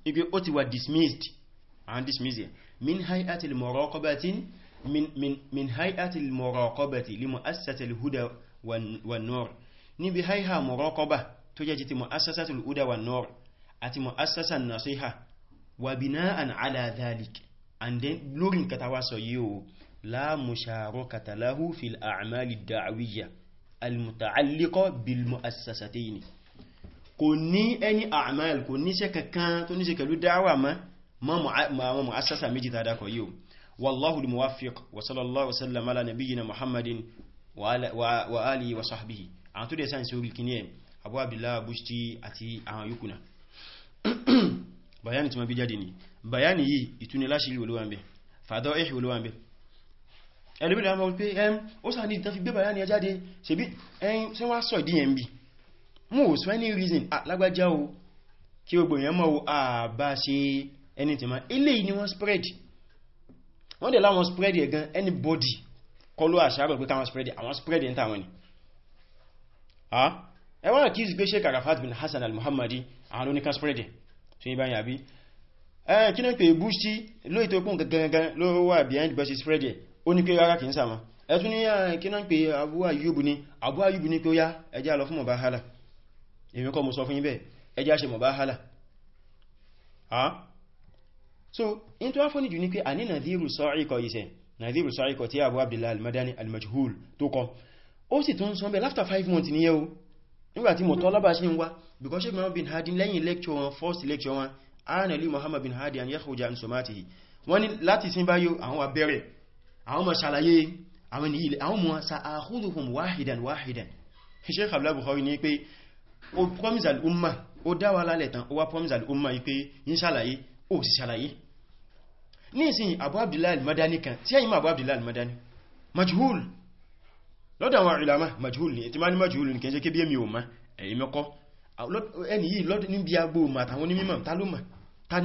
ibi ó ti wà dismissed and dismissed min hay'ati al-muraqabati min min min hay'ati al-muraqabati li mu'assasati al-huda wan nur níbi hay'a muraqaba tó jẹ́ ti mu'assasati al-huda wan nur àti mu'assasa an-nasiha wa bina'an ala dhalik and then lórí nǹkan sọ yìí la musharakata lahu fil a'mali ad almutaalliqo bilmuassasatayni kò ní ẹni àmàl kò ní ṣe kankan tó ní ṣe pẹ̀lú dáwà ma àwọn mu'assasa méjì tàdá kọ̀ yíò wallahu al-muwaffiq wa sallallahu wa sallam ala nabiyyina muhammadin wa alihi wa sahbihi àwọn tó dẹ̀ sáyẹ̀ sí orí kìíní ẹ̀ abu abdullahi bushti àti àwọn yókùnà bayani tí ma bí jáde ni bayani yìí ìtúniláṣìírí ẹlòmí lọ́wọ́ wípé ẹm ó sà ní ìtàn fi gbé bàyá ṣebí ẹyìn tí wọ́n sọ ìdí ẹ̀mí mú ò sọ any reason lágbàjá o kí gbogbo èèyàn mọ́ o àbá ṣe ẹni tìmá eléyìí ni wọ́n spread wọ́n dẹ̀ láwọn spread ẹ̀ gan anybody kọlu àṣàbẹ̀ pé káwọn spread àwọn spread ẹ̀ ń tàwọn ni ẹ wọ́n kí gbé ṣe karafat bin Hassan al-Muhammadi àwọn oníkan spread ẹ̀ tí ó yí báyìí àbí ẹ̀ kí náà pé Bush tí lóòtọ́ kún gangan ló wà behind versus spread ẹ̀ ó ní pé rárá kì sàmà ẹ̀tún ní kíná pé Abu Ayyub ní Abu Ayyub ní pé ó yá ẹjá lọ fún mọ̀báhálà èmi kọ́ mo sọ fún yín ẹjá ṣe mọ̀báhálà so in tó áfọ́nì jù ní pé àní nàdírù sọ́ríkọ iṣẹ́ nàdírù sọ́ríkọ tí Abu Abdullah al-Madani al-Majhul tó kọ ó sì tún sọ after five months níyẹ́ o nígbàtí mọ̀ tọ́lábà sí ń because sheikh bin hadi lẹ́yìn lecture wọn first lecture wọn arnali mohammed bin hadi an yahuja an somatihi wọ́n ni láti sin báyó àwọn abẹ́rẹ̀ àwọn ma ṣàlàyé àwọn ní ilẹ̀ àwọn mọ̀ sa'akhuduhum wahidan wahidan Sheikh Abdullah Bukhari ní pé o promise al umma o dáwà lálẹ̀ tán o wá promise al umma pé yí ṣàlàyé o sì ṣàlàyé ní ìsìn Abu Abdullah al-Madani kan tí ẹ̀yìn Abu Abdullah al-Madani majhul lọ́dọ̀ àwọn ìlàmà majhul ni ìtìmá ní majhul ní kẹjẹ́ kébí èmi ò ma ẹ̀yìn mẹ́kọ́ ẹni yìí lọ́dún níbi agbó màtàwọn onímọ̀ ta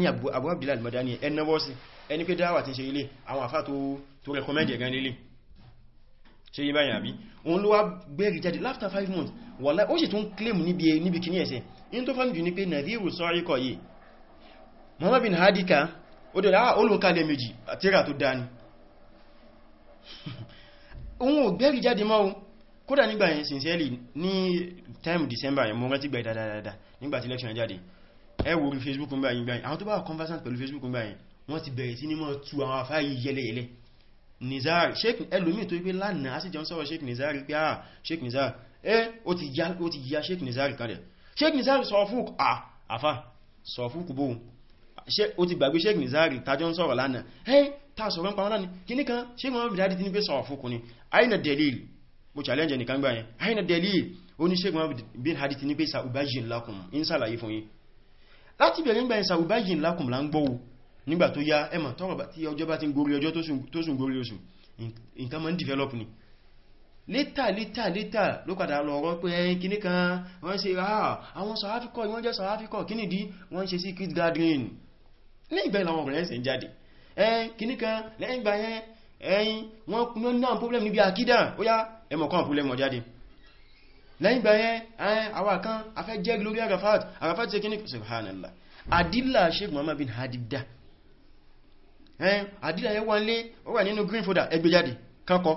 ẹni pé dáwà ti ṣe ilé àwọn àfá tó recommend ẹ̀gán lélé ṣe yí báyìí àbí òun ló wá gbẹ̀rì jáde after five months wọ́lá ó sì tún claim níbi níbi kìíní ẹ̀sẹ̀ in tó fẹ́mì jù ní pé nàdírù sọ́rí kọ̀ yìí Muhammad bin Hadika ó dẹ̀ láà olùkalẹ̀ méjì àtírà tó dáni òun ò gbẹ̀rì jáde mọ́ kódà nígbà yẹn sincerely ní time December yẹn mo rántí gbẹ̀ dáadáa nígbà tí election jáde ẹ wo orí Facebook ń báyìí àwọn tó bá conversant pẹ̀lú Facebook ń báyìí wọ́n ti bẹ̀rẹ̀ sí ní mọ́ tú àwọn àfáyí yẹlẹyẹlẹ nizari sheik ẹlòmí tó wípé lánàá a sì jọ ń sheik nizari pé ah sheik nizari eh ó ti ya ó ti ya sheik nizari kalẹ̀ sheik nizari sọ fúk ah àfá sọ fúk bó ó ti gbàgbé sheik nizari tajọ ń sọ̀rọ̀ lánàá eh ta sọ̀rọ̀ ń pa wọn lánàá kíní kan sheik wọn bìdá dídí ní pé sọ ni aina aina delil ó ní sheik wọn bin hadith ní lakum in sàlàyé fún yín láti bẹ̀rẹ̀ ń gbà yẹn sa ubayin lakum là ń gbọ́wọ́ nígbà tó yá ẹmà tọ́rọ̀ tí ọjọ́ bá ti ń gorí ọjọ́ tó sùn gorí oṣù nǹkan mọ́ ń develop ni létà létà létà ló padà lọ ọ̀rọ̀ pé ẹyìn kìní kan wọ́n ṣe àà ah, àwọn sọ̀ráfíkọ̀ wọ́n jẹ́ sọ̀ráfíkọ̀ kí nìdí wọ́n ṣe secret gathering ní ìgbà ìlànà ọ̀rẹ́ ẹ̀sẹ̀ ń jáde ẹyìn kìní kan lẹ́yìn gbà yẹn ẹyìn wọ́n náà problem níbi àkídà ó yá ẹmọ̀kan problem wọn jáde lẹ́yìn gbà yẹn ẹyìn àwọn kan afẹ́ jẹ́ gloria Arafat Arafat ṣe kìní subhanallah adilla Sheikh Muhammad bin Hadida àdílà yẹn wọ́n lé ó wà nínú green folder ẹgbẹ́ jáde kankọ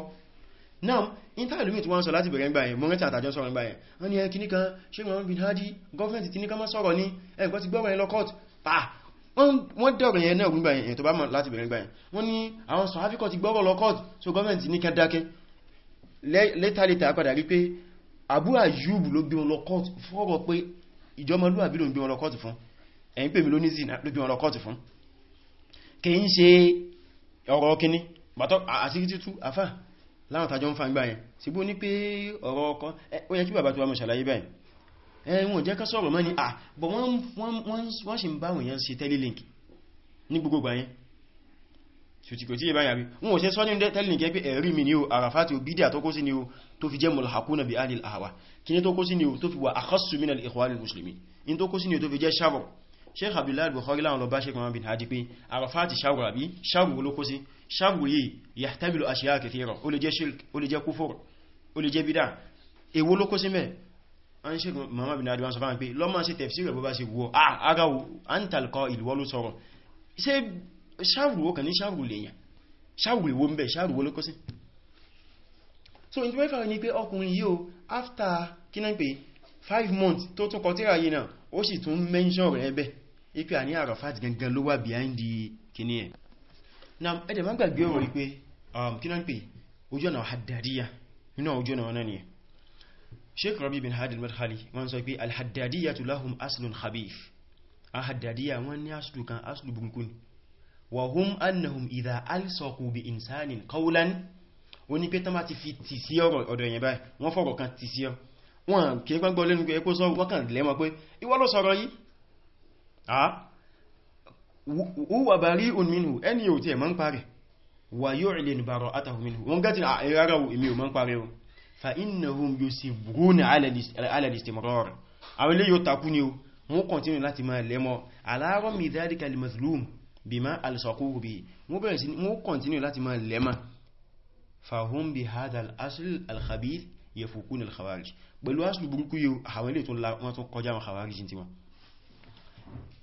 now interlude wọ́n sọ láti bẹ̀rẹ̀ gbà yẹn mọ́rẹ́tì àtàjọ́ sọ̀rọ̀ gbà yẹn wọ́n ni ẹkì níkan ṣe wọ́n bin hadi gọ́ọ̀mẹ́ntì tí níkan mọ́ sọ̀rọ̀ ní ẹgbẹ́ ti gbọ́rọ̀ yẹn lọ court pa wọ́n dẹ̀rọ̀ yẹn náà gbígbà yẹn tó bá mọ̀ láti bẹ̀rẹ̀ gbà yẹn wọ́n ni àwọn sọ áfíkọ̀ ti gbọ́rọ̀ lọ court so gọ́ọ̀mẹ́ntì níkan dákẹ́ later later apadà rí pé Abu Ayyub ló gbé wọn lọ court fọ́rọ̀ pé ìjọmọlúwàbí ló gbé wọn lọ court fún ẹ̀yìn pèmí ló ní zina ló gbé wọn court fún kì í ṣe ọ̀rọ̀ kíní bàtọ́ àti títú afá láwọn tàjọ ń fa ìgbà yẹn sí bó ní pé ọ̀rọ̀ ọkọ ó yẹ kí bàbá tó wà mọ̀ ṣàlàyé báyìí ẹ̀wọ̀n jẹ́ ká sọ̀rọ̀ mọ́ ni à bọ̀ wọ́n sì ń bá telelink ní gbogbo gbà yẹn ṣùtìkò tí ìbáyà rí wọn ò ṣe telelink pé ẹ̀rí mi ni o àràfà tí ó bídíà tó kó sí ni o tó fi jẹ́ mulhaquna bi ahli al o tó fi wà akhassu min al-ikhwan al-muslimin in tó kó sheikh abdullahi bukhari láwọn lọ bá sheikh mohamed hadi pé arafati ṣàrù àbí ṣàrù olókó sí ṣàrù yìí yahtamilu ashiya kathira ó lè jẹ́ shirk ó lè jẹ́ kúfòrò ó lè jẹ́ bídá èwo lókó sí mẹ́ an sheikh mohamed hadi wọ́n sọ fáwọn pé lọ́mọ́ sí tafsir rẹ̀ bó bá ṣe so in 25 ni pé ọkùnrin after kí náà 5 months tó tún kọtíra yìí náà ó sì tún mention rẹ̀ ẹbẹ̀ ipe àní Arafat gangan ló wà behind the kìíní ẹ̀ na ẹ̀dẹ̀ má gbàgbé ọ̀rọ̀ wípé um, kí náà ń pè ojú ọ̀nà haddadiya nínú ojú ọ̀nà náà ni ẹ̀ Sheikh Rabi bin Hadi al-Madkhali wọ́n sọ pé al-haddadiya tu lahum aslun khabif al-haddadiya wọ́n ní aslu kan aslu bunkun wa hum annahum idha alsaqu bi insanin qawlan ó ní pé tán bá ti fi tì sí ọ̀rọ̀ ọ̀dọ̀ èèyàn báyìí wọ́n fọ̀rọ̀ kan tì sí ọ wọn kì í pẹ́ gbọ́ lẹ́nu pé ẹkó sọ wọ́n kàn lẹ́mọ̀ pé ìwọ ló sọ̀rọ̀ yìí Ah. huwa bari'un minhu ẹni yóò tí ẹ̀ mọ́ ń parẹ̀ wa yu'lin bara'atahu minhu wọ́n gẹ́tì ah, rárá èmi ò mọ́ ń parẹ̀ o fa innahum yusibruna ala al-istimrar àwọn ilé yóò takú ni o wọ́n kọ̀ntínú láti máa lẹ́mọ́ ala rami dhalika al-mazlum bima alsaquhu bi wọ́n kọ̀ntínú láti máa lẹ́mọ́ fahum bi hadha al-asl al-khabith yafukun al-khawarij pẹ̀lú asl burúkú yóò àwọn ilé tó kọjá wọn khawarij ti wọn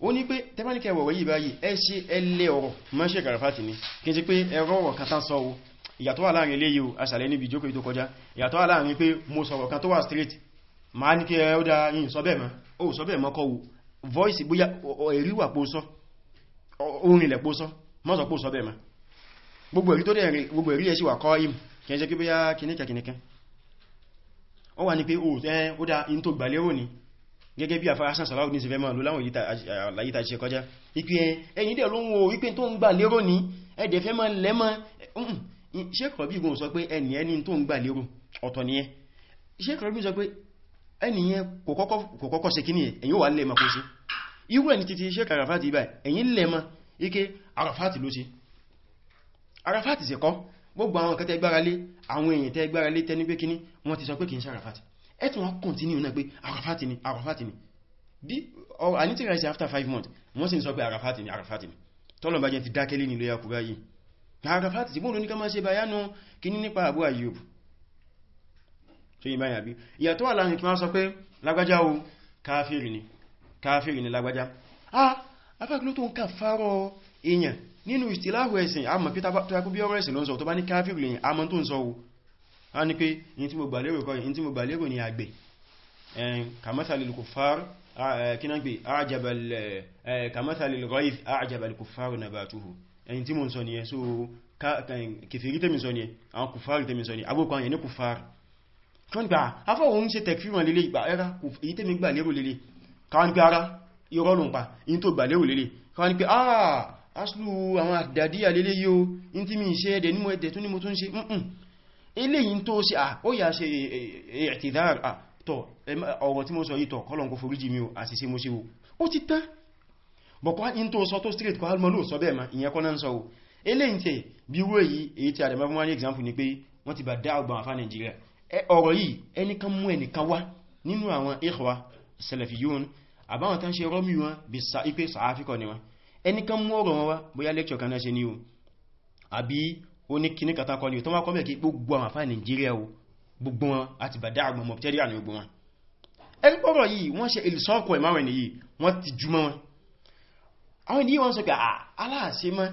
ó ní pé tẹ́bánikẹ́ wọ̀wọ̀ yìí báyìí ẹ ṣe ẹlẹ́ ọ̀rọ̀ mọ́ṣẹ́ Karafati ni kí n ṣe pé ẹ̀rọ ọ̀rọ̀ kan tán sọ́wọ́ ìyàtọ̀ wà láàrin eléyìí o aṣàlẹ̀ níbi ìjókòó tó kọjá ìyàtọ̀ wà pé mo sọ̀rọ̀ ma ní kí ẹ voice bóyá ẹ̀rí wà pó sọ orinlẹ̀ pó sọ mọ́ sọ pó sọ bẹ́ẹ̀ im kì í ṣe kí bóyá kìnìkan kìnìkan ó wà ní gẹ́gẹ́ bí àfáàsán sàláwò ní ìsìnfẹ́ máa ló láwọn àlàyíta ṣe kọjá ipi ẹ̀yìn dẹ̀ ló ń wo wípé tó ń gbà lérò ní ẹ̀dẹ̀ fẹ́ máa lẹ́mọ́ ṣẹ́kọ̀ọ́bí gùn sọ pé ẹni ẹni tó ń gbà lérò ọ̀tọ̀ nìyẹn ṣẹ́kọ̀ọ́bí sọ pé ẹni yẹn kò kọ́kọ́ ṣe kíní ẹ̀yìn wà lẹ́mọ́ kó ṣe irú ẹni títí ike àràfáàtì ló ṣe àràfáàtì sì kọ́ gbogbo àwọn kẹtẹ gbáralé àwọn èèyàn tẹ gbáralé tẹni pé kíní ẹ̀tún wọn continue náà pé arafati ni arafati ni bí ọ àní rẹ̀ sí after five months wọ́n sì ń sọ pé arafati ni arafati ni tọ́lọ̀ bá jẹ́ ti dákẹ́lé nílé akúrá yìí arafati ti bóòlù ní ṣe bayanu ayub ṣe yìí báyàbí ìyàtọ̀ wà láàrin kí wọ́n sọ pé lágbájá ni káfíìrì ni lágbájá ah afẹ́kìlú tó ń kà fárọ èèyàn nínú ìsìláhù ẹ̀sìn àmọ̀ pé tó yá kó bí ọ̀rọ̀ ẹ̀sìn lọ́sọ̀ tó bá yìí àmọ́ a ní pé in tí mo gbà lérò kọ́ in tí mo gbà lérò ní àgbẹ̀ kàmásàlìl kùfàr kí náà pé kàmásàlìl rọ́ìf àjàbàl kùfàr nabatuhu ẹni tí mo ń sọ ní ẹ so kèfèrí tẹ́mi sọ ní ẹ àwọn kùfàr tẹ́mi sọ ní agbókọ àwọn ẹni kùfàr tó ń gbà afọ́wọ́n ń ṣe tẹ̀kfíwọn lélé ìgbà ẹra èyí tẹ́mi gbà lérò lélé káwọn pé ara ìrọ́lùn pa ah aslu àwọn àdàdíyà lélé yóò in tí mi ń ṣe ẹ̀dẹ̀ nímọ̀ ẹ̀dẹ̀ tó ní mo tún ṣe eléyìn tó sí ó yà ṣe ẹ̀tìdáàrì àtọ̀ ọ̀rọ̀ tí mo sọ yìí tọ̀ kọ́lọ̀n kò foríjì mi ò àṣìṣe mo ṣe o ó ti tán bọ̀kọ́ in tó sọ tó straight kọ́ almọ́ ló sọ bẹ́ẹ̀ ma ìyẹn kọ́ náà ń sọ o eléyìn tẹ̀ bí wó èyí tí àdàmọ́ wa ní example ni pé wọ́n ti bà dá ọgbà àfá Nàìjíríà ọ̀rọ̀ yìí lecture kan náà ṣe ó ní kíní katakọ ní tó má kọ́mẹ̀ kí gbogbo àwọn àfáà Nàìjíríà o gbogbo wọn àti bàdá àgbọn mọ̀pítẹ́rí àní gbogbo wọn ẹni pọ́rọ̀ yìí wọ́n ṣe ìlúsọ́kọ̀ ìmáwẹ̀ nìyí wọ́n ti jùmọ́ wọn àwọn ènìyàn wọ́n sọ pé ah, aláàṣẹ mọ́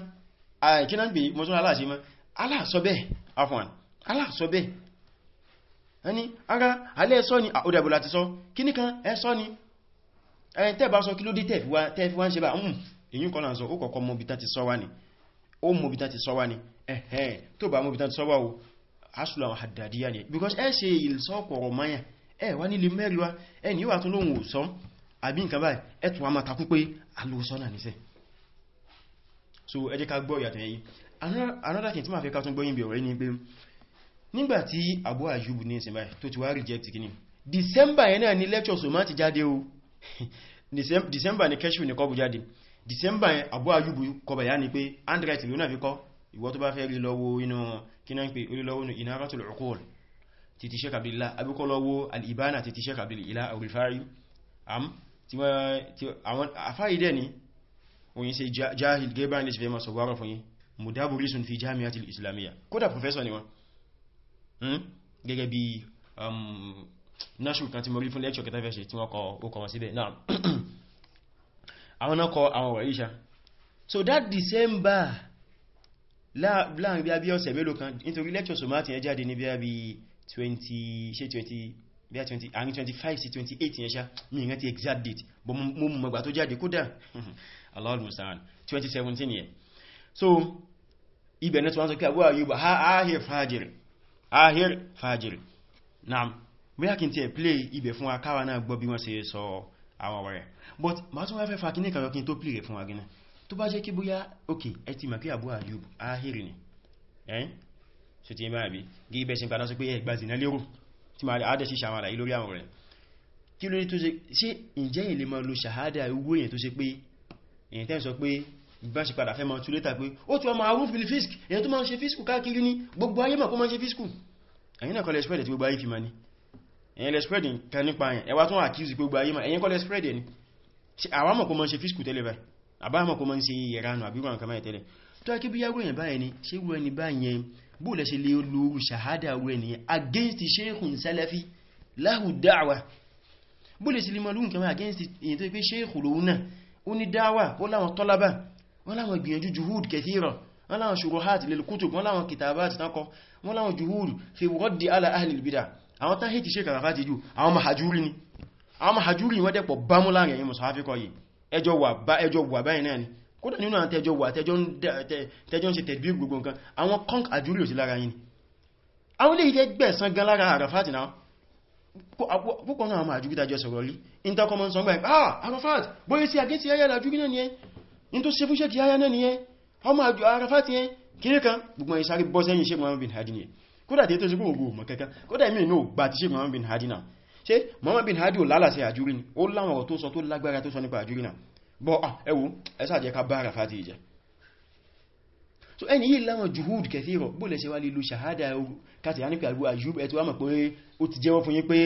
àìkí náà gbé mọ́sán aláàṣẹ mọ́ aláàṣọ bẹ́ẹ̀ afọ́n aláàṣọ bẹ́ẹ̀ ẹni ara alẹ́ sọ ni àódàbò ah, láti sọ kí ní kan ẹ sọ ni ẹ tẹ́ẹ̀bá hmm, náà ẹ̀hẹ́n tó bá mú bí tán ti sọ́wọ́ asùlù àwọn àdàdíyà ni because ẹ ṣe ìlsọ́pọ̀ ọ̀rọ̀ mayà ẹ wá nílé mẹ́rin wá ẹ ní wà tún lóhun òsán àbí nǹkan báyìí ẹ so ẹ jẹ́ ká another thing tí ma fẹ́ ká tún gbọ́ yìí bí ni pé nígbàtí Abu Ayyub ní December ni lecture so máa December ni kẹ́ṣù ní kọ́bù jáde December yẹn Abu Ayyub kọbà yá ni pé handwriting ló náà fi kọ́ ìwọ tó bá fẹ́ rí lọ́wọ́ inú kíná ń pè orí lọ́wọ́ inú Inaratul Uqul títí Sheikh Abdillah abúkọ́ lọ́wọ́ al-Ibana títí Sheikh Abdillah al-Rifai am tí wọ́n afáìdẹ́ ni oyin se jahil gẹ́bà ní ṣe masu wára fún yí mudaburisun fi jami'atul islamiyya kódà professor ni wọ́n hmm? gẹ́gẹ́ bí um, nashur kan ti mọ̀ rí fún lecture kẹta fẹ́ṣe tí wọ́n kọ okọ̀ wọn síbẹ̀ náà àwọn náà kọ àwọn wà so that December láàrin bí a bí ọ̀sẹ̀ mélòó kan nítorí lecture somati yẹn jáde ní bí a bí 20 ṣe 20 bí a 20 àrin 25 sí 28 yẹn ṣá ní ìran exact date bọ́ mo mọ̀ gbà tó jáde kódà Allahul musta'an 2017 yẹn so ibẹ̀ náà tí wọ́n sọ ah, ah, ah, kí àwọ́ àyíwá ahir fajiri ahir fajiri naam bí a kìí tí ẹ̀ play ibẹ̀ fún akáwà náà gbọ́ bí wọ́n ṣe but ma tún wá fẹ́ fa play rẹ̀ fún tó bá jẹ́ kí bóyá ok ẹ ti mọ̀ kí Abu Ayyub ahìrì ni ẹ́n so ti yẹmọ́ àbí gí bẹ́ sí padà sọ pé ẹgbà zìnà lérò tí ma adẹ́ sí ṣàwọn àlàyé lórí àwọn rẹ̀ kí ló ní tó ṣe ṣe ìjẹ́ ilé ma lo ṣàhádà owó èyàn tó ṣe pé èyàn tẹ́ sọ pé ìgbà ṣe padà fẹ́ ma tú létà pé ó ti ọmọ arún fili ni àwọn mọ̀ kó ma ń ṣe fisku tẹ́lẹ̀ báyìí àbámọ̀ kó mọ́ ń ṣe ìyẹ̀ránù àbírò àwọn kamáyẹ̀ tẹ́lẹ̀ tó akí bí yàwó èèyàn báyẹn ni ṣe wú ẹni báyẹn bó lẹ ṣe lè ṣàhádà against sheikhun salafi lahu da'wa bó lẹ ṣe lè against èyàn tó pé sheikhu lòun náà ó ní da'wa ó láwọn tọ́lábà wọ́n shuruhat lil kutub wọ́n láwọn kitabat tánkọ wọ́n láwọn juhud fi ala ahli al-bid'a àwọn tán hẹ́tì sheikh àràfà ti jù àwọn mahajuri ni àwọn mahajuri wọ́n dẹ̀pọ̀ bámú láàrin ẹ̀yìn musafikọ yìí ẹjọ́ wà báyìí náà ni kódà nínú àwọn tẹjọ́ wà tẹjọ́ ń ṣe tẹ̀bí gbogbo nǹkan àwọn kọ́nk àjúrí ò sí lára yìí àwọn ilé ìjẹ́ gbẹ̀sán gan lára àràfáàtì náà púpọ̀ náà máa àjúrí tàjọ sọ̀rọ̀ ah àràfáàt bóyí sí àgẹ́sí ayá làjúrí náà nìyẹn in tó ṣe fúnṣẹ́ kí ayá náà nìyẹn ọmọ àjò àràfáàtì yẹn kéré kan gbogbo ìsáré bọ́ sẹ́yìn ṣe mọ́ bin hadin yẹn kódà ṣe Muhammad bin Hadi ò lálàsí àjúrí ni ó láwọn ọ̀rọ̀ tó sọ tó lágbára tó sọ nípa àjúrí náà bọ́ ẹwò ẹsà jẹ́ ká bá Arafati ìjà so ẹni yìí láwọn juhud kẹfìrọ̀ bóòlẹ̀ ṣe wá lílo ṣàhádà káti a nípa àgbò àjúb ẹ̀tọ́ àmọ̀ pé ó ti jẹ́wọ́ fún yín pé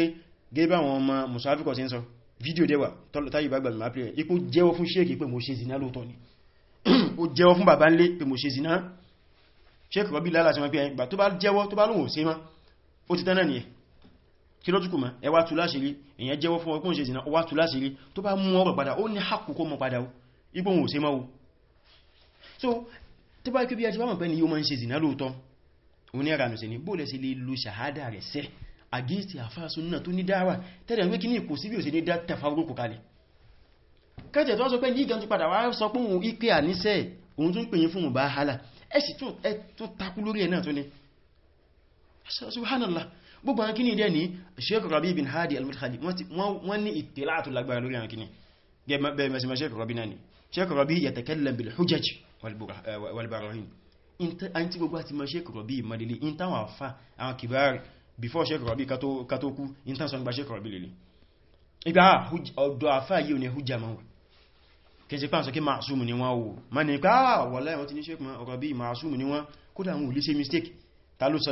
gẹ́bà àwọn ọmọ musafikọ̀ sí ń sọ fídíò dẹ́wà tọ́lọ̀táyì bàgbà mìí mápìlẹ̀ ipò jẹ́wọ́ fún ṣéèkì pé mo ṣe zina lóòtọ́ ni ó jẹ́wọ́ fún bàbá ńlé pé mo ṣe zina ṣéèkì rọ́bí lálàsí wọn pé ẹgbà tó bá jẹ́wọ́ tó bá lóhùn sí mọ́ ó ti tán náà nìyẹn kí ló túnkù mọ́ ẹ wá tú láṣìírí èyàn jẹ́wọ́ fún ọkùn ṣe ìsìnà wá tú láṣìírí tó bá mú ọ̀rọ̀ padà ó ní àkókò mọ́ padà ipò òun ò ṣe so tó bá kíbi ajúwà mọ̀ pé ni yíò ni bóòlẹ̀ sí lè lo ṣàhádà rẹ̀ sẹ́ àgéèsì àfáàsùn náà tó ní dáwà tẹ́lẹ̀ wé kí ní ìkò síbí òsì ní dá tẹfàrókò kalẹ̀ kẹ́jẹ̀ tó wọ́n sọ pé ní ìgànjú padà wá sọ subhanallah gbogbo àwọn kíní dẹ̀ ní Sheikh Rabi bin Hadi al-Madkhali wọ́n ní ìtìláàtù lágbára lórí àwọn kíní bẹ̀rẹ̀ mẹ́sìmọ̀ Sheikh Rabi náà ni Sheikh Rabi yatakallam bil hujaj wal eh, barahin àyíntí gbogbo àti mọ̀ Sheikh Rabi madili in táwọn àfá before Sheikh Rabi katókú in tán sọ́ngbà Sheikh Rabi lè ìgbà ọ̀dọ̀ àfá yìí ò ní hujja mọ́ wọn kẹsí pàá sọ kí màásùmù ni wọ́n wò ma ní pàá ah, wọ́lá ẹ̀wọ́n ti ní ni mistake ta ló sọ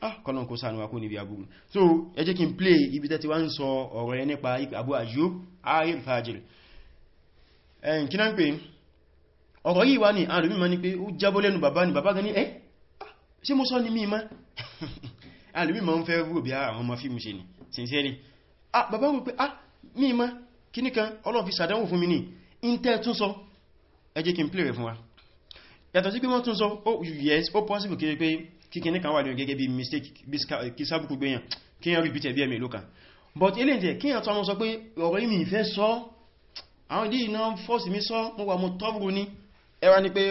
Ah, kọ́lọ̀n kó sànú wa kó níbi agbúrú so ẹ jẹ́ kí n play ibi tẹ́ ti wá ń sọ ọ̀rọ̀ ẹ nípa Abu Ayyub al-Fajri ẹn kí náà ń pè ọ̀rọ̀ yìí wá ní àrùmí ma ní pé ó jábọ́ lẹ́nu bàbá ní bàbá gani ẹ́ eh, ah, ṣe mú sọ ní mí ma àrùmí ma ń fẹ́ ah bàbá rú ah mí ma kí kan ọlọ́fi sàdánwò fún mi ní intẹ́ tún sọ ẹ jẹ́ kí n play rẹ̀ fún wa yàtọ̀ sí pé oh yes ó possible kéré pé kíkíní kan wà ní gẹ́gẹ́ bí mistake kí sábùkú gbéyàn kí yàn repeat ẹ̀bí ẹ̀mì lókàn but ilé jẹ́ kí yàn tó mọ́ sọ pé ọ̀rọ̀ ìmì ìfẹ́ sọ àwọn ìdí iná fọ́sì mi sọ mo wà mo tọ́rù ní ẹwà ní pé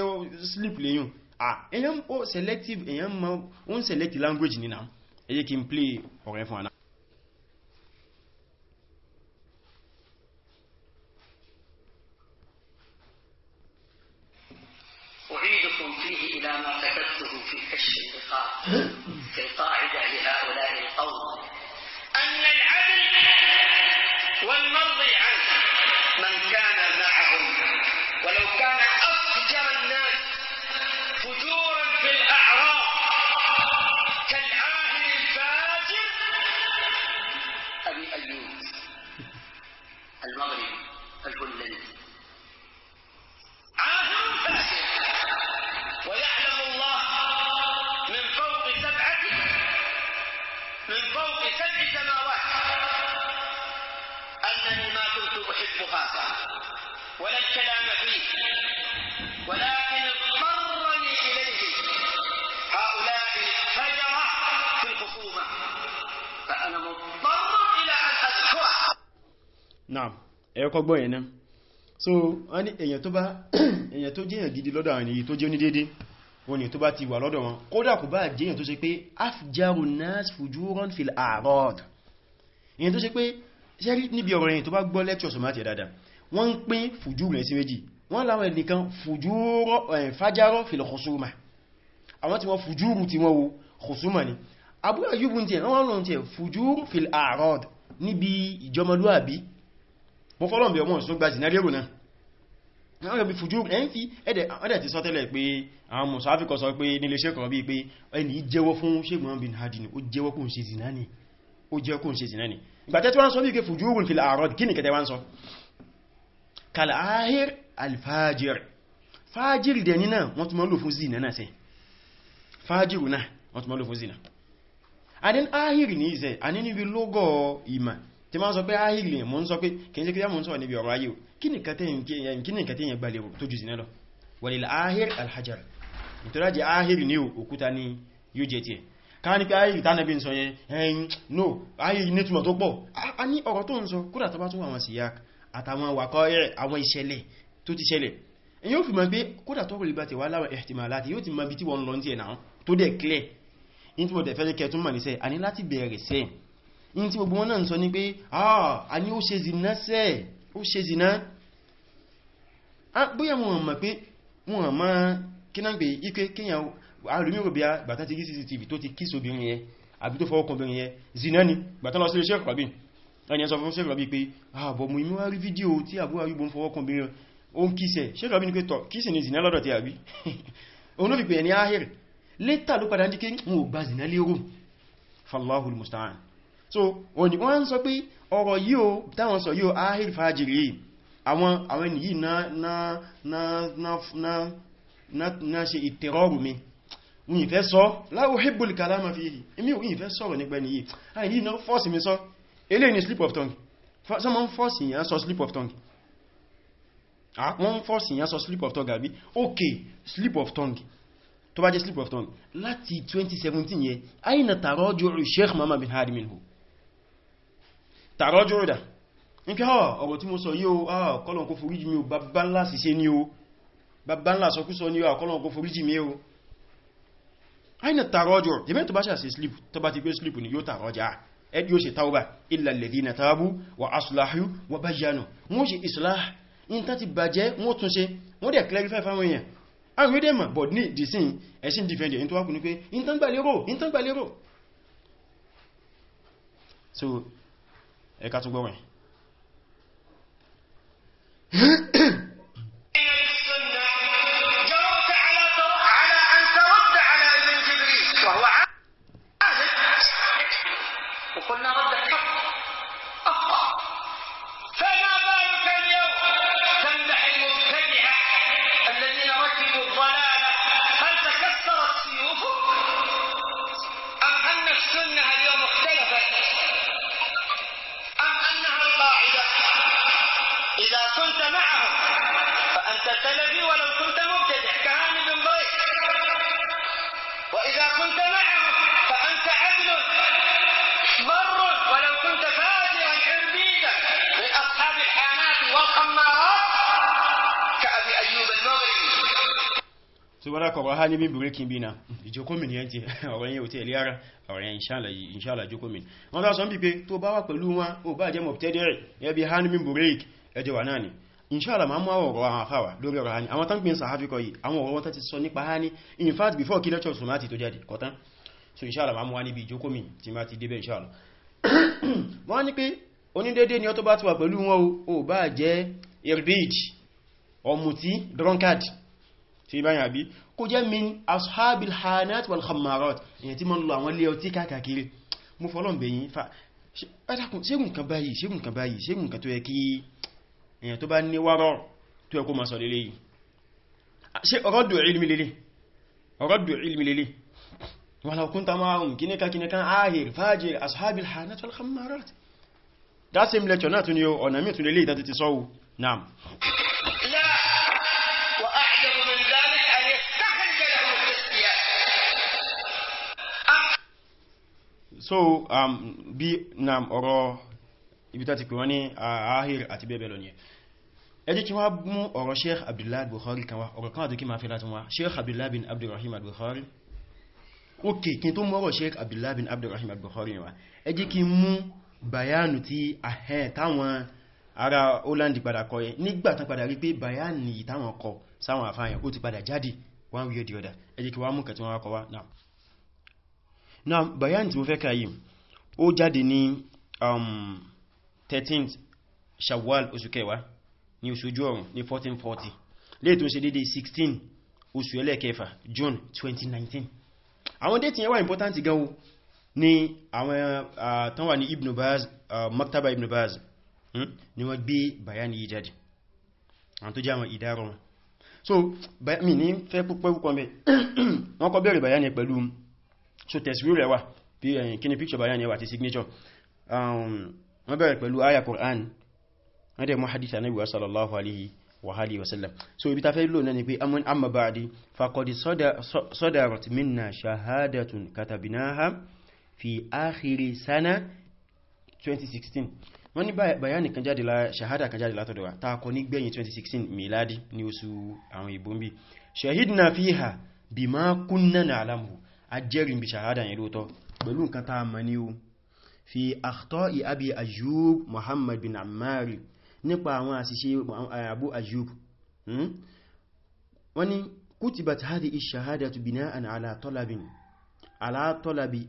sleep lẹ́yìn ah èyàn ó selective èyàn mọ́ ó language nínú ẹ̀yẹ́ kí n play ọ̀rẹ́ kọ́kọ́ gbọ́ yẹn náà so wọ́n ní èyàn tó bá èyàn tó jẹ́yàn gidi lọ́dọ̀ àwọn èyí tó jẹ́ onídédé wọn ni tó bá ti wà lọ́dọ̀ wọn kódà kò bá jẹ́yàn tó ṣe pé afjaru nas fujuran fil arad èyàn tó ṣe pé sẹ́rí níbi ọ̀rọ̀ èyàn tó bá gbọ́ lecture sọmọ́ àti ẹ̀dàdà wọ́n ń pín fùjú rẹ̀ sí méjì wọ́n láwọn ẹnìkan fàjárọ̀ fil khusuma àwọn tí wọ́n fùjúrù tí wọ́n wo khusuma ni Abu Ayyub ń tẹ̀ wọ́n lọ́n tẹ̀ fùjúrù fil arad níbi ìjọmọlúàbí mo fọ́lọ̀ bí ọmọ ìsún gba jìnà rírò náà àwọn ẹbí fújú ẹ̀ ń fi ẹ̀dẹ̀ ti sọ́tẹ́lẹ̀ pé àwọn mùsáfí kọ sọ pé nílé ṣẹ́kọ̀ bí pé ẹni jẹ́wọ́ fún ṣẹ́gbọ́n bin hadini ó jẹ́wọ́ kún ṣe zìnà ni ó jẹ́ kún ṣe zìnà ni ìgbàtẹ́ tí wọ́n sọ bí pé fújú rùn fìlà àrọ̀ kí ni kẹtẹ wọ́n sọ kalahir alfajir fajir dẹ̀ nínà wọ́n tún mọ́ lò fún zìnà náà sẹ́ fajir náà wọ́n tún mọ́ lò fún zìnà tí ma sọ pé ahìlì mọ́ ń sọ pé kìí ṣe kí dámọ́ ń sọ níbi ọ̀rọ̀ ayé kí ní kàtẹ́ yẹn gbalẹ̀ tó jù sí náà wàlìl ahìr alhajar nítorá jẹ ahìr ní òkúta ní yóò jẹ tiẹ̀ ká ní pé ahìr tánàbí ń sọ yẹn ẹ̀yìn no ahìr ní túnmọ̀ tó pọ̀ a ní ọ̀rọ̀ tó ń sọ kúrà tó bá tún àwọn síyá àtàwọn wàkọ́ àwọn ìṣẹ̀lẹ̀ tó ti ṣẹlẹ̀ yóò fi mọ̀ pé in tí gbogbo wọn náà sọ ní pé ah, a ní ó ṣe zìnà sẹ́ ó ṣe zìnà bóyá wọn mọ̀ pé wọn mọ̀ kínàgbé ipé kíyàn alùmírò bí i gbàtà ti rí cctv tó ti kí sóbìnrin yẹn àbí tó fọwọ́kùnbìnrin yẹn zìnà ni gbàtà lọ sí iléeṣẹ́ kọ̀bí ẹni ẹsọ fún ṣẹ́kọ̀ọ́ bí pé ààbọ̀ ah, mú imú rí fídíò tí àbúrò àrígbò ń fọwọ́kùnbìnrin o ń kíṣẹ̀ ṣẹ́kọ̀ọ́ bí ní pé tọ̀ kíṣì ní zìnà lọ́dọ̀ ti àbí òun ló musta'an so wọ́n ni wọ́n sọ pé ọ̀rọ̀ yìí o táwọn sọ yìí o ahil fàájìrì àwọn àwọn ènìyí na na na na na na na ṣe ìtẹ̀rọrù mi wọ́n yìí fẹ́ sọ láwọ́ hibbul kalama fi yìí imi wọ́n yìí fẹ́ sọ̀rọ̀ nígbẹ̀ nìyí ah yìí náà fọ́sì mi sọ eléyìí ni slip of tongue someone fọ́sì yìí sọ slip of tongue ah wọ́n fọ́sì yìí sọ slip of tongue àbí okay slip of tongue tó bá jẹ́ slip of tongue láti 2017 yẹ aina tàrọ́jù Sheikh Muhammad bin Hadi minhu tààrọ jùrùdà ní pé ah, ọ̀rọ̀ tí mo sọ yíò ah, kọ́lọ̀n kó foríjì mi o bàbá ńlá ṣiṣẹ́ ni o bàbá sọkúsọ ni o ah, foríjì mi o aina tààrọ jùrù jẹ́mẹ́ tó bá ṣà sí sleep tó bá ti gbé sleep ni yóò tààrọ jà ẹdí tauba illa alladhina tabu wa aslahu wa bayyanu wọ́n ṣe islah in ta ti bàjẹ́ wọ́n tún ṣe wọ́n dẹ̀ clarify fáwọn èèyàn àwọn yóò dẹ̀ mọ̀ but ní dìsín ẹ̀sìn so ẹka tó gbọ́rin tí wọ́n lákọ̀ọ́ ha níbi breaking bí na ìjókòmìn yẹn ti ọ̀rọ̀ yẹn ò tí ẹ̀lẹ́ ara ọ̀rọ̀ yẹn inṣàlá jókòmìn wọ́n bá sọ ń pípé tó bá wà pẹ̀lú wọn ò bá jẹ́ mọ̀pítẹ́dẹ̀rẹ̀ ẹbí ha níbi break ẹjọ́ wà náà ni inṣàlá ma mú àwọn ọ̀rọ̀ àwọn afáwà lórí ọ̀rọ̀ hani àwọn tán pín in fact before kí lecture sùmátì tó jáde kọ̀tán so inṣàlá ma mú wá níbi ìjókòmì tí má ti débẹ̀ inṣàlá wọ́n ní pé onídédé ni ọ tó bá ti wà pẹ̀lú wọn ò bá jẹ́ irbid ọmùtí drunkard tí báyìí àbí kó jẹ́ min ashabil hanat wal khammarat èyàn tí mọ́ lọ àwọn ilé ọtí káàkiri mú fọ́lọ́n bẹ̀yìn fa ṣégùn kan báyìí ṣégùn kan báyìí ṣégùn kan tó yẹ kí èyàn tó bá ní wárọ̀ tó yẹ kó máa sọ lélẹ̀ yìí ṣe ọ̀rọ̀dù ilmi lélẹ̀ so um, bi nam ọ̀rọ̀ ibi tàti pè wọ́n ní ahir àti bẹ́ẹ̀ bẹ́ẹ̀ lọ nìyẹn e. ẹ jẹ́ kí wá mú sheikh abdullahi bukhari kan wá ọ̀rọ̀ kan àti kí ma fi láti wá sheikh abdullahi bin abdurrahim al-bukhari Okay kí n tó mọ́rọ̀ sheikh abdullahi bin abdurrahim al-bukhari wá ẹ jẹ́ kí mú bayanu ti ahẹ́ táwọn ará Nigba padà kọ yẹ nígbàtán padà rí pé bayani táwọn kọ sáwọn àfáàyàn ó ti padà jáde one way or the other ẹ jẹ́ kí wá mú kẹtí wọn wá kọ wá náà na bayan tí ó fẹ́ káyí ó jáde ni um, 13th shawwal oṣù kẹwàá ní oṣù ojú ọ̀run ní 1440 léè tó ṣe dédé 16 oṣù ẹlẹ́kẹfà june 2019 àwọn déètì yẹn wà important gan o ní àwọn tán wà ní ibn baz maktaba ibn baz hmm, ni wọ́n gbé bayan yìí jáde àwọn tó jẹ́ àwọn ìdárọ̀ wọn so mi ní fẹ́ púpọ̀ púpọ̀ mẹ́ wọ́n kọ́ bẹ̀rẹ̀ bayan pẹ̀lú so tẹ̀síwìrì rẹ̀ wà bí kíní picture bayan yẹwà àti signature um, wọ́n bẹ̀rẹ̀ pẹ̀lú aya Qur'an wọ́n dẹ̀ mọ́ hadita nabi wa sallallahu alaihi wa alihi wa sallam so ibi ta fẹ́ lò náà ni pé amun amma ba'di faqad sadarat minna shahadatun katabinaha fi akhiri sana 2016 wọ́n ní bayani kan jáde la shahada kan jáde látọ̀dọ̀ wa ta kọ ní gbẹ̀yìn 2016 miladi ní oṣù àwọn ìbòmbi shahidna fiha bima kunna na'lamu ajẹ́rin bí ṣàhádà yìí lóòtọ́ pẹ̀lú nǹkan tá a mọ̀ ní o fi akhta'i abi ayyub muhammad bin ammari nípa àwọn àṣìṣe eh, abu ayyub hmm? wọ́n ni kutibat hadhihi ash-shahadatu bina'an ala talabin ala talabi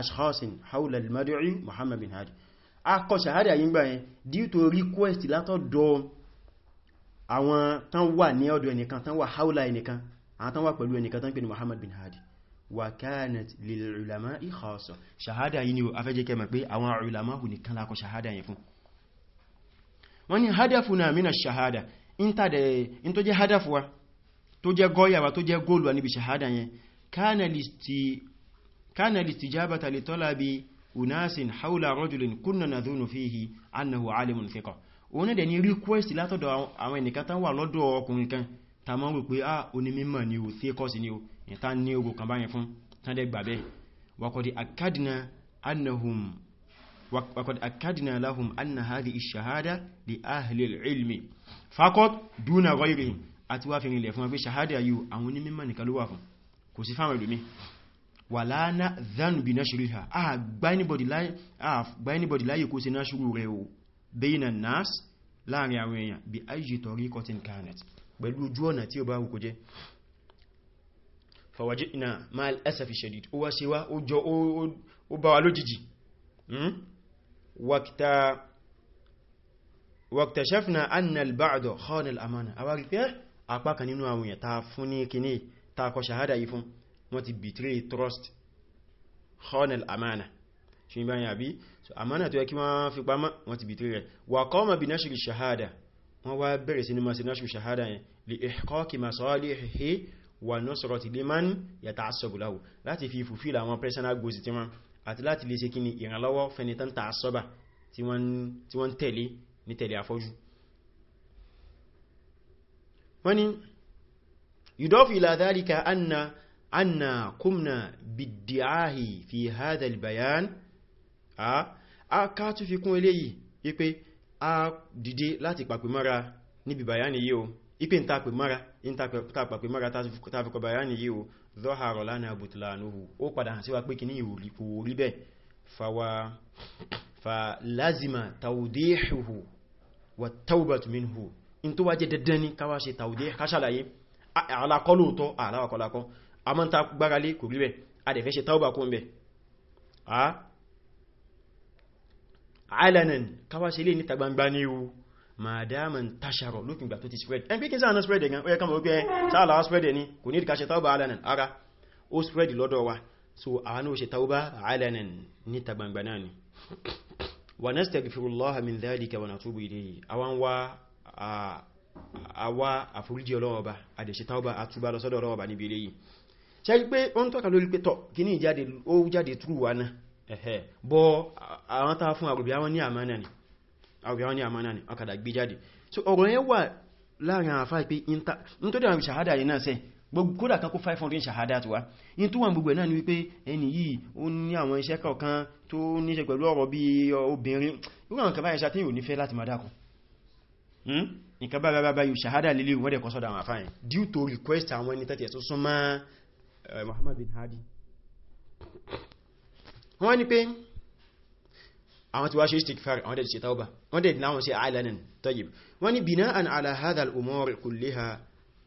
ashkhasin hawla al-mad'i muhammad bin hadi a kọ ṣàhádà yìí gbà yẹn àtán wà pẹ̀lú ẹnìkan tán pè ní Muhammad bin Hadi wa kanat lil ulama'i khassa ṣàhádà yìí ni afẹ́jẹ́ kẹ́mẹ̀ pé àwọn ulama hù nìkan lákọ ṣàhádà yẹn fún wọ́n ni hadafuna mina ṣàhádà in tó jẹ́ hadafuwa tó jẹ́ gọ́yàwà tó jẹ́ góòlù níbi ṣàhádà yẹn kana listijabata li talabi unasin haula rajulin kunna nadhunu fihi annahu alimun thiqa òun náà dẹ̀ ni látọ̀dọ̀ àwọn ẹnìkan tán wà lọ́dọ̀ ọkùnrin kan ta mọ́ rò pé á ah, onímọ̀ ni o thecos ni o ìta ní ogo kan báyẹn fún tán dẹ̀ gbàbẹ́ wakọ̀dì akadina annahum wakọ̀dì akadina lahum anna hadi ishahada di ahli ilmi fakot duna ghayrihim àti wá fi rìnlẹ̀ fún wọn pé shahada yìí àwọn onímọ̀ nìkan ló wà fún kò sí fáwọn ìlú mi wàlá na zanu bi nashriha a gba anybody láyé kó ṣe náṣírù rẹ̀ o bayna nas láàrin àwọn èèyàn bí ayi tọ̀rí kọtin kanet pẹ̀lú ojú ọ̀nà tí ó bá wù kó jẹ́ fàwàjínà máa ẹ́sàfi ṣẹ̀dìd ó wá sí wá ó jọ ó bá wa lójijì hmm? wàkta ṣẹ́fìnà annal ba'adọ̀ khonal amana a wá rí pé ah, apá kan nínú àwọn ta fún ní kíní ta kọ ṣàhádà yìí fún wọ́n ti betray trust khonal amana ṣe báyìí àbí amana tó yẹ kí wọ́n fi pamọ́ wọ́n ti betray rẹ̀ wà kọ́ wọ́n wá bẹ̀rẹ̀ sí ní masu náṣù ṣahada yẹn li ihqaqi masalihi wa nusrati liman yata'assabu lahu láti fi fulfill àwọn personal goals tí wọ́n àti láti lè ṣe kí ni ìrànlọ́wọ́ fẹni tán ta'assaba tí wọ́n tẹ̀lé ní tẹ̀lé afọ́jú wọ́n ni yudofu ila dhalika anna anna kumna biddi'ahi fi hadha a dìde láti pàpè mọ́ra níbi bayani yìí o ipe n tàpè mọ́ra in tàpè mọ́ra tàfikọ̀ bayani yìí o zọ́hàrọ̀ lánà butlanuhu ó padà hàn sí wa pé kì ní ìwòrí bẹ́ fa lázima tawdihuhu wa taubatu minhu in tó wá jẹ́ dandan ní káwà ṣe tawdih káṣàlàyé alákọlóòtọ́ aláwàkọlákọ́ a mọ́ ta gbáralé kò rí bẹ́ a alanan káwà sí ilé níta gbangba ní ewu madama n tasharo lópin ìgbà tó ti spread ẹn pínkín sáà náà spread ẹ̀gan ọyẹ́ kama wípé sáàlá wá spread ẹni kò ní ìdíkàṣẹ tauba alanan ara o spread lodo wa so àwọn ó ṣe tauba alanan níta gbangba náà ni wa nastaghfirullaha min dhalika wa natubu ilayhi àwọn wa àwa àforíjì ọlọ́ọba àdẹ̀ṣe tauba àtúbà lọ́sọ́dọ̀ ọlọ́ọba níbi eléyìí ṣe pé ó ń tọ́ka lórí pé tọ́ kí ní ìjáde ó jáde túrù wa náà ẹ̀hẹ́ bọ́ àwọn tàà fún àgbòbí àwọn ní àmánà ni àgbòbí àwọn ní àmánà ni ọkàdà gbé jáde so ọ̀rọ̀ yẹn wà láàrin àwọn afáì pé in tó dára ṣàhádà yìí náà sẹ́ kódà kan kó 500 ṣàhádà tó wá in tó wà gbogbo náà ni wípé ẹni yìí ó ní àwọn iṣẹ́ kọ̀ọ̀kan tó ní ṣe pẹ̀lú ọ̀rọ̀ bí obìnrin irú àwọn kàbáyé ṣàtí yóò nífẹ́ láti máa dákùn hmm? nǹkan bá bá bá yóò ṣàhádà lílé ìwọ́dẹ̀ kọsọ́dà àwọn afáyìn due to request àwọn ẹni tẹ́tẹ̀ tó súnmọ́ eh, Muhammad bin Hadi wọ́n ní pé àwọn tí wá ṣe istighfar àwọn dẹ̀ ṣe tauba wọ́n dẹ̀ náwọn ṣe alanin tayyib wọ́n ní bina'an ala hadha al-umur kulliha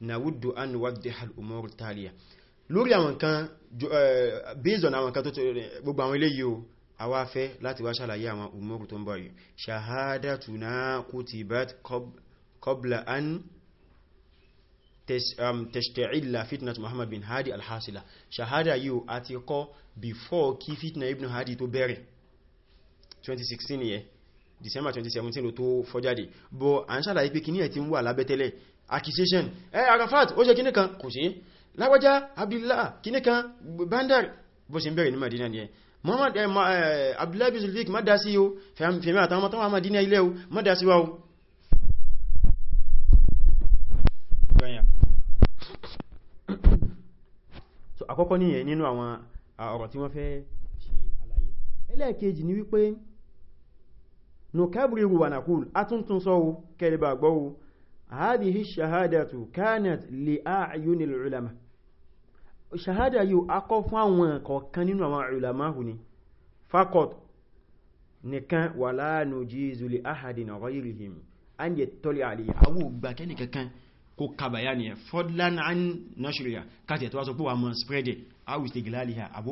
nawuddu an nuwaddiha al-umur taliya lórí àwọn kan eh, based on àwọn kan tó gbogbo àwọn eléyìí o àwa fẹ́ láti wá ṣàlàyé àwọn umur tó ń bọ̀ yìí shahadatuna kutibat qabla an tẹ̀ṣtẹ̀ìlà um, fitnat muhammad bin hadi alhassila ṣahada yíò àti kọ́ before kí fitna ibn hadi tó bẹ̀rẹ̀ 2016 yẹ december 2017 ló tó fọ́jáde bọ́ à ń ṣàlàyé pé kíní ẹ̀ ti ń wà lábẹ́tẹ́lẹ̀ accusation ẹ arafat ó ṣe kíní kan kò sí lágbájá abdullah kíní kan bandar bó ṣe ń bẹ̀rẹ̀ ní madina ni ẹ muhammad eh, eh, abdullah bin zulfik má dá sí o fẹ̀mí àtàwọn ọmọ tó wà madina so àkọ́kọ́ nìyẹn nínú àwọn ọ̀rọ̀ tí wọ́n fẹ́ ṣe àlàyé ẹlẹ́ẹ̀kejì ni wípé nukabriru wa nakul atuntun so keliba gbo hadhihi shahadatu kanat li a'yunil ulama shahada yu ako fún àwọn kọ̀ọ̀kan nínú àwọn ulama hu ni faqat nìkan wala kó kàbàyà ni ẹ̀ fọ́dlán án náṣíríà káti ẹ̀tọ́wà sọ pé wà mọ́ spread out istiglaliha àbó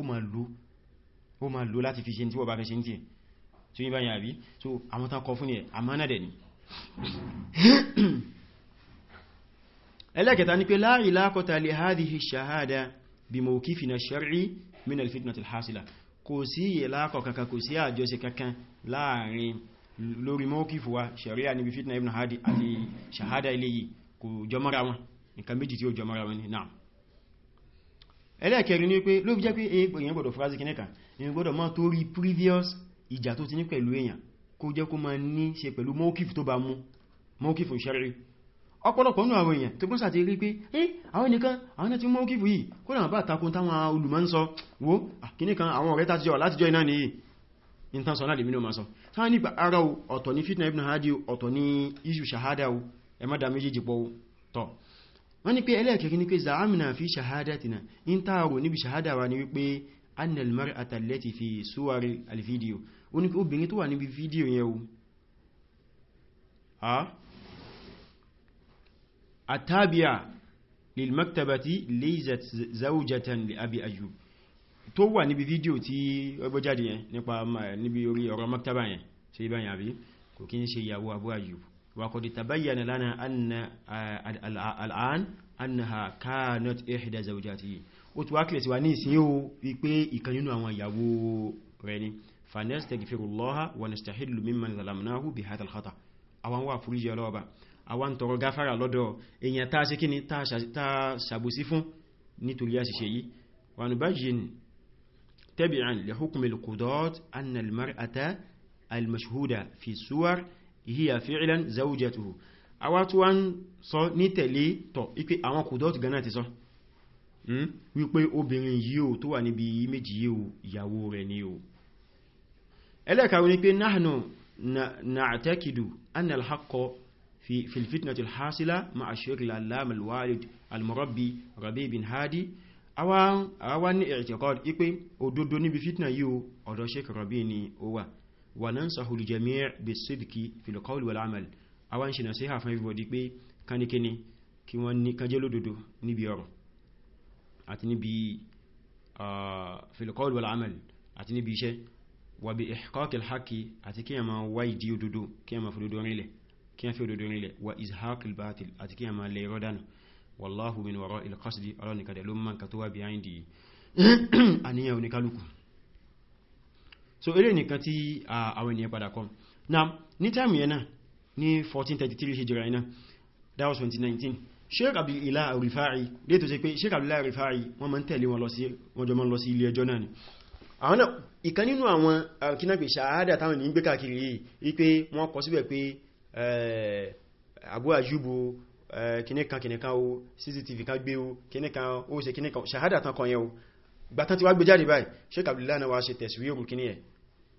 ma lò láti fi ṣe tí wọ́n bá fẹ́ ṣe tí tí wọ́n bá yà bí so àwọn tán kọ fún ni ẹ̀ àmánà dẹ̀ ni ẹlẹ́kẹta ni pé la ilaqata li hadhihi shahada bi shar'i min alfitnati alhasila kò sí ìlàkọ̀ kankan kò sí àjọsẹ̀ kankan láàrin lórí mawqifu sharia níbi fitna ibn hadi shahada eléyìí kò jọmọ́ra wọn nǹkan méjì tí ó jọmọ́ra wọn ni náà ẹlẹ́ẹ̀kẹrin ní pé ló fi jẹ́ pé èyàn gbọ́dọ̀ fúrásí kìnnìkan èyàn gbọ́dọ̀ mọ́ torí previous ìjà tó ti ní pẹ̀lú èyàn kó jẹ́ kó máa ní ṣe pẹ̀lú mọ́kíf tó bá mú mọ́kíf ṣẹ́rí ọ̀pọ̀lọpọ̀ nínú àwọn èèyàn tó gbọ́nsà ti rí pé eh àwọn nìkan àwọn náà ti mọ́kíf yìí kó náà bá takun táwọn ah, ara ọ̀tọ̀ ní fitna ibn hadi ọ̀tọ̀ ní iṣu shahada ẹ má dá méjèèjì pọ̀ tọ́ wọ́n ní pé ẹlẹ́ẹ̀kẹ́kẹ́ ní pé za'amna fi shahadatina in taaro níbi shahada wa ni wípé annal mar'ata allati fi suwari alfidiyo ó ní pé obìnrin tó wà níbi fídíò yẹn o àtàbíà lilmaktabati laysat zawjatan li abi ayub tó wà níbi fídíò tí ọgbọ́ jáde yẹn nípa níbi orí ọ̀rọ̀ maktaba yẹn ṣe ibáyàbí kò kí ń ṣe ìyàwó abu ayub وقد تبين لنا أن آه، آه، الآن أنها كانت إحدى زوجاته وتواكل سواني سيو يكبي يكنينو يابو ìyàwó rẹ̀ ni فنستغفرullah ونستحل ممن ظلمناه بهذا الخطأ àwọn wá الله Ọlọ́ba àwọn tọrọ gáfárà lọ́dọ̀ èyàn tá ṣe kíni tá ṣàbòsí fún nítorí àṣìṣe yìí ونبين تبعا لحكم القضاة أن المرأة المشهودة في الصور hiya fi'lan zawjatuhu àwa tó wá ń sọ ní tẹ̀lé tọ̀ ipé àwọn kùdọ́tù gan náà ti sọ hmm? wípé obìnrin yìí o tó wà níbi méjì yìí o ìyàwó rẹ̀ ni o ẹlẹ́kàrún ni pé nahnu na'taqidu anna al-haqqa في الفتنة الحاصلة مع الشيخ العلام الوالد المربي ربيع بن هادي àwọn àwọn ní اعتقاد ipe òdodo níbi fitna yìí ọ̀dọ̀ sheik rabi ni ó wà wa nansahu al-jami' bis-sidqi fil qawl wal amal àwọn ṣe nàṣíhà fún everybody pé kánikíní kí wọ́n ní kánjẹ́ lódodo níbi ọ̀rọ̀ àti níbi fil qawl wal amal àti níbi iṣẹ́ wa bi ihqaq al-haqqi àti kí a máa wá ìdí òdodo kí a máa fi òdodo kí a fi òdodo rinlẹ̀ wa izhaq àti kí a máa lè rọ́ dànù wallahu min ló mọ́ nǹkan tó wà bí i àníyàn oníkálukú so eré nìkan tí àwọn ènìyàn padà kọ́ na ni táìmù yẹn náà ní 1433 hijira iná that was 2019 sheik abdullahi rifai dé tó ṣe pé sheik abdullahi rifai wọ́n ma ń tẹ̀lé wọn jọ ma ń lọ sí ilé ẹjọ́ náà ni àwọn náà ìkan nínú àwọn kínápì ṣàádà táwọn ní gbé káàkiri yìí wípé wọ́n kọ síbẹ̀ pé àgbó àjúbò kìnníkan kìnníkan o CCTV kan gbé o kìnníkan o kini. kìnníkan ṣàádà tán kan yẹn o gbàtán ti wá gbé jáde báyìí sheik abdullahi náà wá ṣe tẹ̀síwé òmù kìnníyàn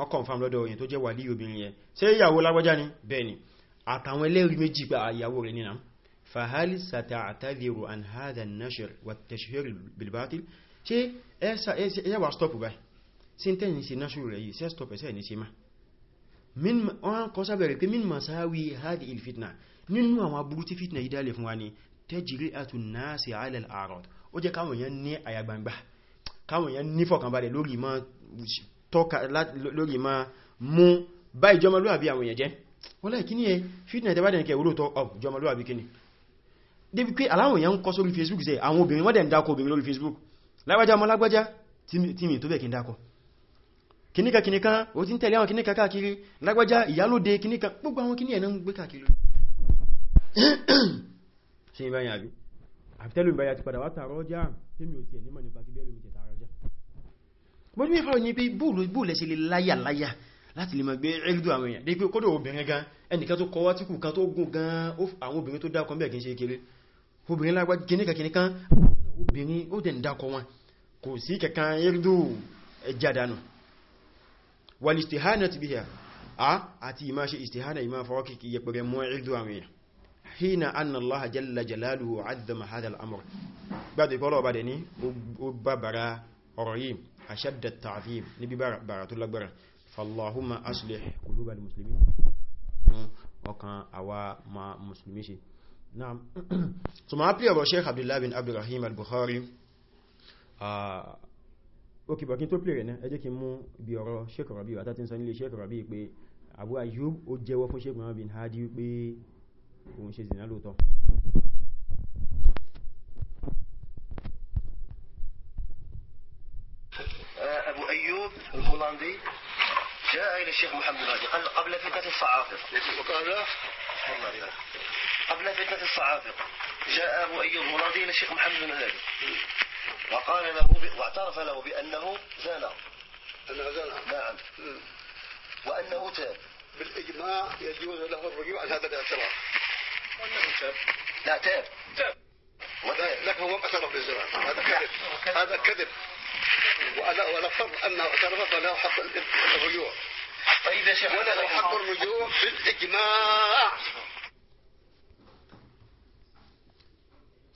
wọ́n confirm lọ́dọ̀ òyìn tó jẹ́ wàlí obìnrin yẹn ṣé ìyàwó lágbájá ni bẹ́ẹ̀ ni àtàwọn ẹlẹ́rìí méjì pé ìyàwó rẹ̀ nínà fahali sata'tadhiru an hadha an-nashr wa at-tashhir bil batil ṣé ẹ wà stop báyìí ṣé ń tẹ́yìn sí náṣù rẹ̀ yìí ṣé stop hadi il fitna nínú fitna yìí dálẹ̀ fún wa ni tajri'atu arad ó jẹ́ káwọn èèyàn ní àyàgbàǹgbà káwọn èèyàn ní fọ̀kànbalẹ̀ lórí tọ́ka lórí ma mú bá ìjọmọlúwàbí àwọn èèyàn jẹ́ wọ́n láì kíní ẹ fitna ìtẹ́bàdàn kẹ olóòtọ́ ọ̀jọmọlúwàbí kíní débi pé aláwọ̀ èèyàn ń kọ́ sórí Facebook sẹ àwọn obìnrin wọ́n dẹ̀ ń dákọ obìnrin lórí Facebook lágbájá ọmọ lágbájá tí mi tó bẹ̀ kí ń dákọ kìníkà kìníkà ó ti ń tẹ̀lé àwọn kìníkà káàkiri lágbájá ìyálóde kìníkà gbogbo bọ́ ní mẹ́fà ní pé bóòlẹ̀ ṣe lè láyàláyà láti lè mọ̀ gbé ẹlùdó àwọn èèyàn dé pé kódò obìnrin gan ẹnìkan tó kọwá tí kù kan tó gùn gan àwọn obìnrin tó dákọ mẹ́ kìí ṣe kéré obìnrin lágbá gínìkà kìnìkan obìnrin ó dẹ̀ ń dákọ wọn kò sí kẹkan ẹlùdó ẹjádànù wal istihana ti biha a àti ìmá hina anna allaha jalla jalaluhu azzama hadha al-amr gbádùn ìkọlọ̀ ọba dẹ̀ ní ó bàbára ọ̀rọ̀ yìí أشد التعذيب نبي بارة الله فاللهم أصلح قلوب المسلمين وكان أوا ما مسلمين نعم ثم أبلي أبو شيخ عبد الله بن عبد الرحيم البخاري ókè bọ̀kí tó pèrè náà ẹ jẹ́ kí mú bí ọ̀rọ̀ Sheikh Rabi àtàtí sọ nílé Sheikh Rabi pé Abu Ayyub ó jẹ́wọ́ fún Sheikh Muhammad bin Hadi pé òun ṣe zina lóòtọ́ أيوب الهولندي جاء إلى الشيخ محمد الهادي قبل فتنة الصعافرة قبل فتنة الصعافرة جاء أبو أيوب الهولندي إلى الشيخ محمد الهادي وقال له ب... واعترف له بأنه زنى أنه زنى نعم وأنه تاب بالإجماع يجوز له الرجوع على هذا الاعتراف وأنه تاب لا تاب تاب لكن هو ما اعترف بالزنا هذا نعم. كذب هذا كذب وأنا فرض أن اعترف فله حق الرجوع فإذا يا شيخ وله حق الرجوع بالإجماع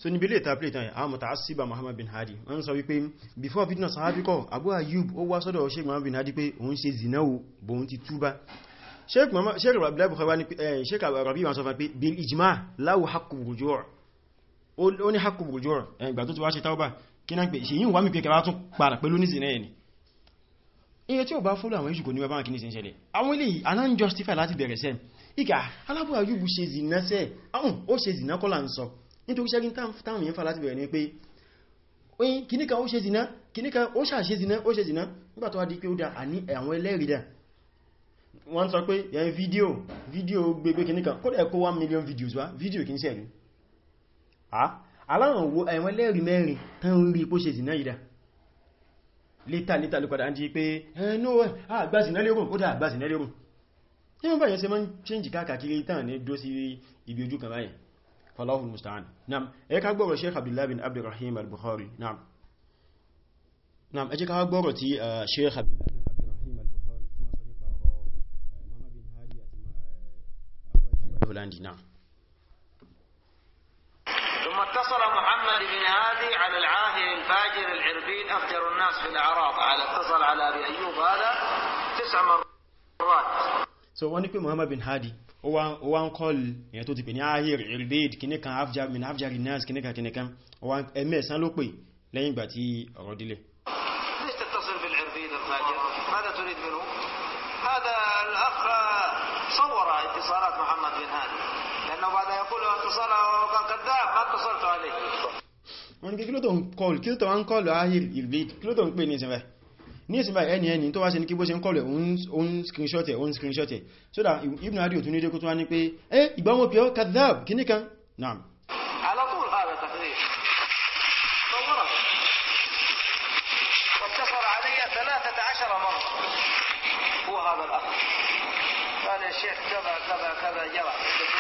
so níbi ilé ìtàpílẹ̀ ìtàn àwọn mutaassiba Muhammad bin Hadi wọ́n sọ wípé before fitna sahabikọ̀ Abu Ayyub ó wá sọ́dọ̀ Sheikh Muhammad bin Hadi pé òun ṣe zinawo bóun ti túbá eh, Sheikh rabi wọn sọ fún pé bil ijma láwù haqqu rujuu' ó ní haqqu rujuu' ẹgbà eh, tó ti kí náà pé ṣe yíò wá mi pé kẹwàá tún padà pẹ̀lú ní sinẹ́ ẹni iye tí ó bá fọ́lọ̀ àwọn ìṣùkò ní wẹ́bá kìí ṣẹlẹ̀ àwọn ilé anan justify láti bẹ̀rẹ̀ sẹ́m ìkà alábọ̀ ayúbù ṣe zìnà sẹ́ àwọn ó ṣe zìnà kọ́lá ń sọ nítorí ṣẹ́gin táwọn yẹn fà láti bẹ̀rẹ̀ ni pé oyin kìníkà ó ṣe zìnà kìníkà ó ṣà ṣe zìnà ó ṣe zìnà nígbà tó wá di pé million videos wá fídíò kìí ṣẹ̀rí aláwọn wo ẹ̀wọ̀n eh, lẹ́rì mẹ́rin tán rí pó ṣe zìnà ìdá létà létà ló padà ń jí pé ẹnú eh, àgbàsìnà eh, lérùn ó dá àgbàsìnà lérùn ní wọ́n báyẹ̀ ṣe mọ́ ṣéǹjì káàkiri tán ní dó sí ibi ojú kan falahul musta'an naam ẹ ká sheikh abdullahi bin al-bukhari naam naam ẹ jẹ́ ká sheikh abdullahi bin abdurrahim al-bukhari بن هادي على العاهر الفاجر العربين أفجر الناس في الأعراض على اتصل على أبي أيوب هذا تسع مرات so wọ́n ní pé Muhammad bin Hadi ó wá ń kọlù èyàn tó ti pè ní ahir irbid kìníkan afjar min afjar nas wọ́n ẹ̀mẹ́ ẹ̀sán ló pè lẹ́yìn ìgbà tí ọ̀rọ̀ dílé wọ́n ní kílódò ń kọlù kílódò wọ́n ń kọlù ahìl ilbid tó ń pè ní ìsinmi ní ìsinmi ẹni ẹni tó wá ṣe ní kí bó ṣe ń kọlù òun screenshot ẹ̀ òun screenshot ẹ̀ so that ibn adi otu nílé kó tún wá ní pé ẹ ìgbàmọ́ pẹ̀ọ́ kadhab kíníkan naam هذا الأخ كذا كذا كذا جرى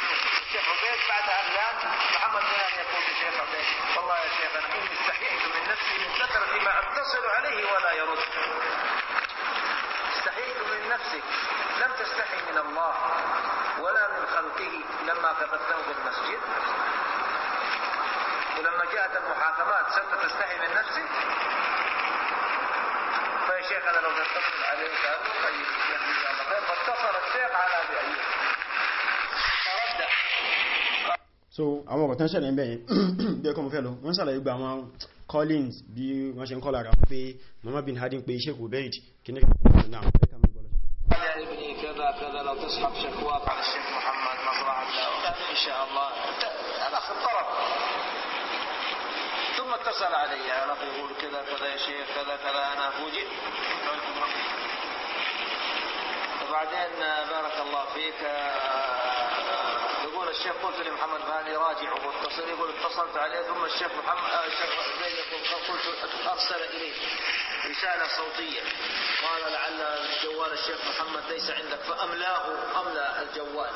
ذلك بعد ان محمد بن يقول للشيخ عبدين والله يا شيخ انا اني استحييت من نفسي من كثره ما اتصل عليه ولا يرد استحييت من نفسك لم تستحي من الله ولا من خلقه لما في المسجد ولما جاءت المحاكمات سوف تستحي من نفسك فيا شيخ انا لو تتصل عليك اقول طيب فاتصل الشيخ على ابي ايوب فرد so àwọn ọ̀gọ̀tán ṣẹlẹ̀ ń bẹ̀yìn bí mọ̀ fẹ́ lọ wọ́n sàlàyé gba àwọn collins bí wọ́n ṣe ń kọ́lára pé mama bin hadin pé iṣẹ́ kò bẹ́ẹ̀dì kí ní kí náà ẹ̀kà mọ́ gbọ́lọ́jọ́ كذا كذا لو تصحب يقول الشيخ قلت لمحمد مهدي راجعه واتصل يقول اتصلت عليه ثم الشيخ محمد آه، الشيخ زيد يقول قلت ارسل اليه رساله صوتيه قال لعل جوال الشيخ محمد ليس عندك فاملاه املا الجوال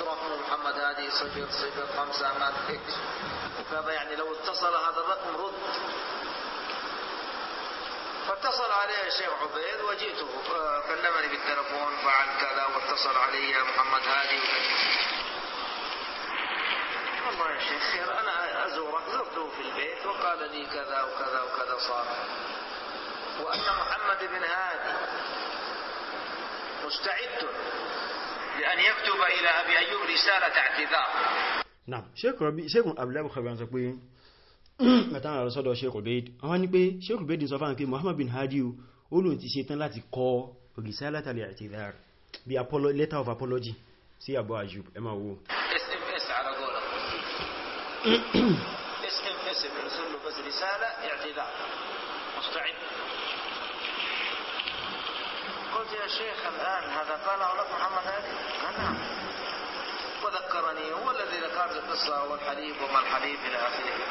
رقم محمد هذه صفر صفر خمسة ما اكس فهذا يعني لو اتصل هذا الرقم رد فاتصل عليه الشيخ عبيد وجئته كلمني آه، بالتلفون فعل كذا واتصل علي يا محمد هادي والله يا شيخ انا ازورك زرته في البيت وقال لي كذا وكذا وكذا صار وان محمد بن هادي مستعد لان يكتب الى ابي ايوب رساله اعتذار نعم شيخ ربي شيخ ابلاغ خبران mẹ́ta rẹ̀ sọ́dọ̀ Sheikh Ubaid àwọn ni pé Sheikh Ubaid sọ fáwọn pé Muhammad bin Hadi olóhun ti ṣe tán láti kọ Risalat al-I'tidhar bí letter of apology sí Abu Ayyub ẹ máa wo اسم اسم ارسل له بس رسالة اعتذار مستعد قلت يا شيخ الآن هذا قاله لك محمد هادي نعم وذكرني هو الذي ذكر القصة والحليب وما الحليب إلى آخره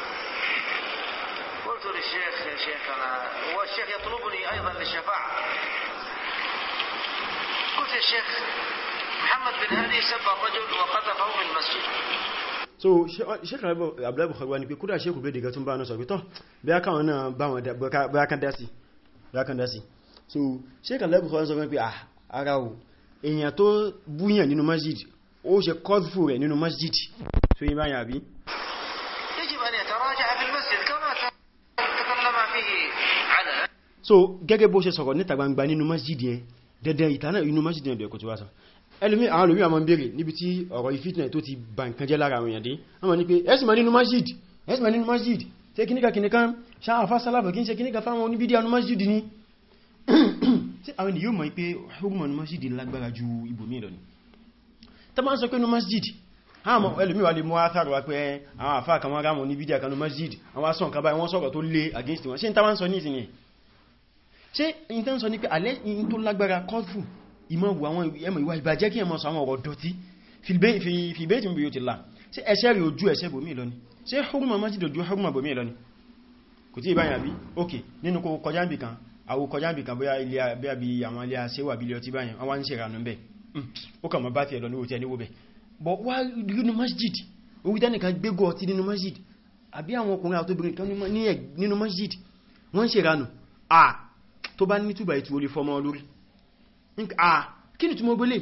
قلت للشيخ يا أنا والشيخ يطلبني أيضا للشفاعة قلت للشيخ محمد بن هادي سب الرجل وقذفه من المسجد so sheikh abdullahi bukhari wani pe kódà sheikh obedi ga tún bá wọn sọ pé tọ́ bí a káwọn náà bá kan dá sí lákàndá sí so sheikh abdullahi bukhari sọ pé ah ara o èyàn tó búyàn nínú masjid ó ṣe kọ́dùfù rẹ̀ nínú masjid so yí báyà bí so gẹ́gẹ́ bó ṣe sọ̀rọ̀ níta gbangba nínú masjid yẹn dẹ̀dẹ̀ ìtànà inú masjid yẹn dẹ̀kọ̀ tí wá san ẹlùmí àwọn olùmí àwọn béèrè níbi tí ọ̀rọ̀ ìfitnẹ̀ tó ti bà nǹkan jẹ́ lára àwọn èèyàn wọ́n ní pé ẹ̀sìn ma nínú masjid ẹ̀sìn ma nínú masjid ṣe kíníkà kíníkà ṣáàfá sálàbà kí ń ṣe kíníkà fáwọn oníbídí àwọn masjid ni ṣe àwọn ènìyàn mọ̀ pé hukumu nínú masjid lágbára ju ibòmí lọ ni tá bá ń sọ wọ́n sọ̀rọ̀ tó lé against wọn ṣe ń tá sọ ní ìsinyìí ṣe in tán sọ ní pé alẹ́ in tó lágbára kọ́fù ìmọ̀wò àwọn ẹmọ̀ ìwà ìbàjẹ́ kí ẹmọ̀ sọ àwọn ọ̀rọ̀ dọ̀tí fìbẹ́ tí yóò ti là ṣe ẹ̀ṣẹ̀ rí ojú ẹ̀ṣẹ̀ bòmí lọ ni ṣe hurma masjid ojú hurma bòmí lọ ni kò tí ìbáyà bí ok nínú kò kọjá bì kan àwọ kọjá bì kan bóyá ilé àbí àwọn ilé aṣẹ́wà bí lọ tí báyà wọ́n wá ń ṣe ìrànú bẹ̀ hmm, ó kà mọ́ bá ti ẹ̀lọ níwò tí ẹni wò bẹ̀ bọ̀ wá nínú masjid orí tẹ́nìkan gbégọ́ ọtí nínú masjid àbí àwọn ọkùnrin àtóbìnrin kan nínú masjid wọ́n ń ṣe ìrànú ah tó bá ní túbà ìtù olè fọmọ lórí kí ni túnmọ̀ gbélé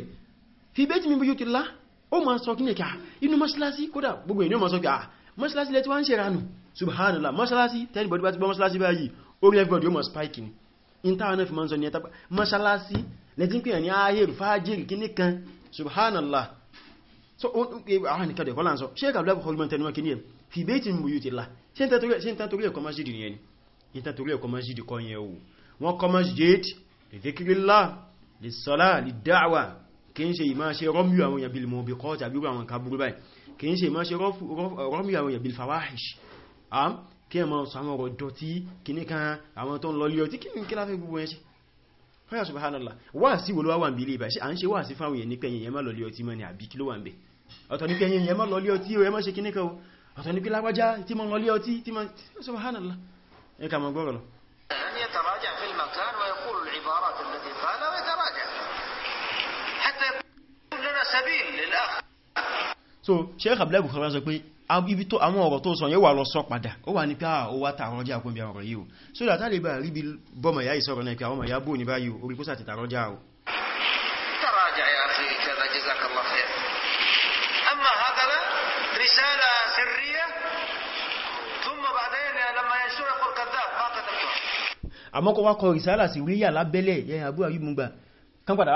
fi bẹ́ẹ̀ tí mi bójú ti lá ó ma sọ kíni ká inú mọ́ṣíláṣí kódà gbogbo ènìyàn ma sọ kí mọ́ṣíláṣí lẹ́tí wá ń ṣe ránù subhanallah spike ni in táwọn náà fi mọ́ sọ ní ẹta mọ́ṣíláṣí lẹ́tí pé so àwọn nìkan dẹ̀kọ́ láǹsọ ṣe kàbílá bí kọlùmọ̀ tẹnumọ́ kí ní ẹ̀ fi bẹ́ẹ̀ tí mi bójú ti lá ṣe ń tẹ́torí ẹ̀kọ́ wọ́n kọ́ masjid ìdíkìrìlá lè sọ́lá lè dáwà kí n ṣe ìmá ṣe rọ́mù àwọn èèyàn bil mubiqat tàbí àwọn kaburú báyìí kí n ṣe ìmá ṣe rọ́mù àwọn èèyàn bil fawahish kí ẹmọ sọ àwọn ọ̀rọ̀ dọ̀tí kìní kan àwọn tó ń lọ lé ọtí kí ní kí láfẹ́ gbogbo ẹṣẹ́ fẹ́yà subhanallah wà sí wo ló wà ń bí ilé ìbáṣẹ́ à ń ṣe wà sí fáwọn èèyàn nípẹ̀yìn yẹn má lọ lé ọtí mọ́ ni àbí kí ló wà ń bẹ̀ ọ̀tọ̀ nípẹ̀yìn yẹn má lọ lé ọtí ẹ má ṣe kìní kan ọ̀tọ̀ nípẹ̀ lágbájá tí mọ́ lọ lé ọtí tí mọ́ subhanallah ẹ ká mọ́ gbọ́rọ̀ lọ أن يتراجع في المكان ويقول العبارات التي قال ويتراجع حتى يكون لنا سبيل للأخ so sheikh abdullahi bukhari sọ pé ibi tó àwọn ọ̀rọ̀ tó sọ yẹn wà lọ sọ padà ó wà ní pé ah, ó wá tààrọjá àkóbí ọ̀rọ̀ yìí o so that a lè bá rí bí bọ́mọ̀ ìyá ìsọ̀rọ̀ náà pé àwọn ọmọ ìyá bóò ní báyìí orí kó sàti tààrọjá رسالة سرية ثم بعدين لما ينشر يقول ما كتبته àmọ́kọ́ wá kọ ìsáàlà sí ríyà lábẹ́lẹ̀ yẹn àbú àyí múgbà kan padà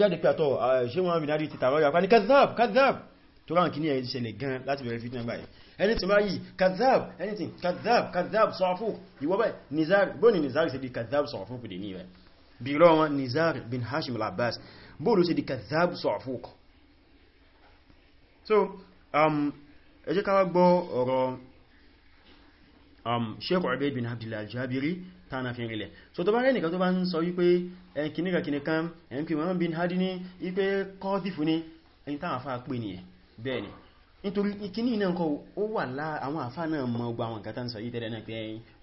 jáde pé àtọ́ ṣe wọn rìnàrí ti tàwọn yàpá ní kazab kazab tó ráhùn kí ní ẹ̀yìn ṣẹlẹ̀ gan láti bẹ̀rẹ̀ fitna báyìí anything báyìí kazab anything kazab kazab sọ́fù ìwọ́ báyìí nizar bóni nizar ṣe di kazab sọ́fù kù dé ní rẹ̀ bí rọ wọn nizar bin hashim al-abbas bóòlù ṣe di kazab sọ́fù kù so um, ẹ jẹ́ ká wá gbọ́ ọ̀rọ̀ Um, sheikh Ubayd bin Abdillah al-Jabiri tánà fi rílẹ̀ so tó bá rẹ́ nìkan tó bá ń sọ wípé ẹnkìníkà kìníkan ẹnkì mọ́rán bin hadi ní wípé kọ́ọ̀tífù ní ẹni táwọn àfáà pè ní ẹ̀ bẹ́ẹ̀ ni nítorí ìkíní náà kọ́ ó wà láà àwọn àfáà náà mọ ọgbà àwọn nǹkan tán sọ yìí tẹ́lẹ̀ náà pé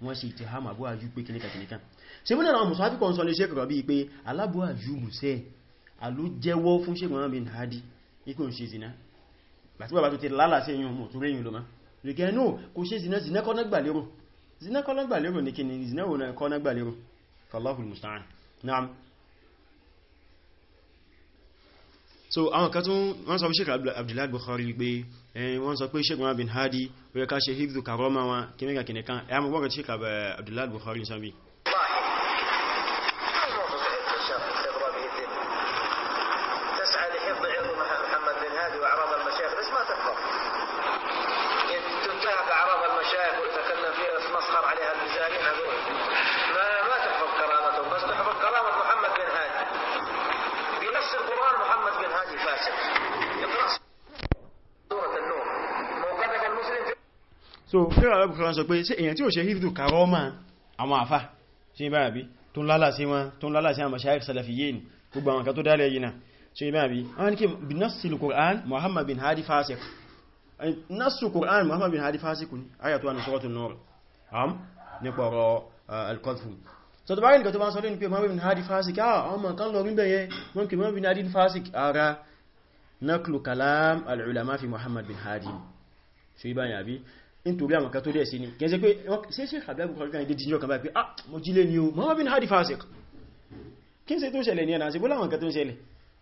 wọ́n sì ti hàmà bó àjú pé kìníkà kìníkan ṣe bí náà mùsùlùmí kan sọ lè ṣe kọ̀rọ̀ bíi pé alábò àjú bùsẹ̀ àló jẹ́wọ́ fún ṣe mọ́rán bin hadi ikú ń ṣe zina láti bàbá tó ti lálàá sí ẹ̀yìn ọmọ tó rẹ̀yìn lọ́mọ́ rìgẹ̀ no kò ṣe zina zina kọ́ nágbàlérò zina kọ́ nágbàlérò ní kíni zina wò náà kọ́ nágbàlérò fallahu al so àwọn kan tún wọ́n sọ pé sheik abdullahi bukhari wípé ẹni wọ́n sọ pé sheik bin hadi ó yẹ ká ṣe hibdu karoma wọn kíníkà kíníkan ẹ̀yà mọ̀ wọ́n kan Bukhari sọ pé ṣé èyàn tí ò ṣe hifdu karoma àwọn àfá ṣe ibá àbí tó ń lálà sí wọn tó ń lálà sí àwọn mashayikh salafiyyin gbogbo àwọn kan tó dálẹ̀ yìí na ṣe ibá àbí wọ́n ni kí binasil Qur'an Muhammad bin Hadi Fasik nasu Qur'an Muhammad bin Hadi Fasik ni ayatu wa nusratun nur am nípa ọ̀rọ̀ eh, al-qadhfu so tó bá rí nǹkan tó bá ń sọ lé ní pé Muhammad bin Hadi Fasik ah ọmọ kan lọ rí bẹ̀yẹ wọn kì Muhammad bin Hadi Fasik ara naklu kalam al fi Muhammad bin Hadi ṣe ibá nítorí àwọn kan tó dẹ̀ sí ni gẹ́ẹ́sẹ́ pé ṣe ṣe àbẹ́gbù kọ̀ọ̀kan ìdí jíjọ kan báyìí pé ah mo jílé ni o Muhammad bin Hadi Fasik kí n ṣe tó ṣẹlẹ̀ ní ẹ̀nà àṣíbó láwọn kan tó ń ṣẹlẹ̀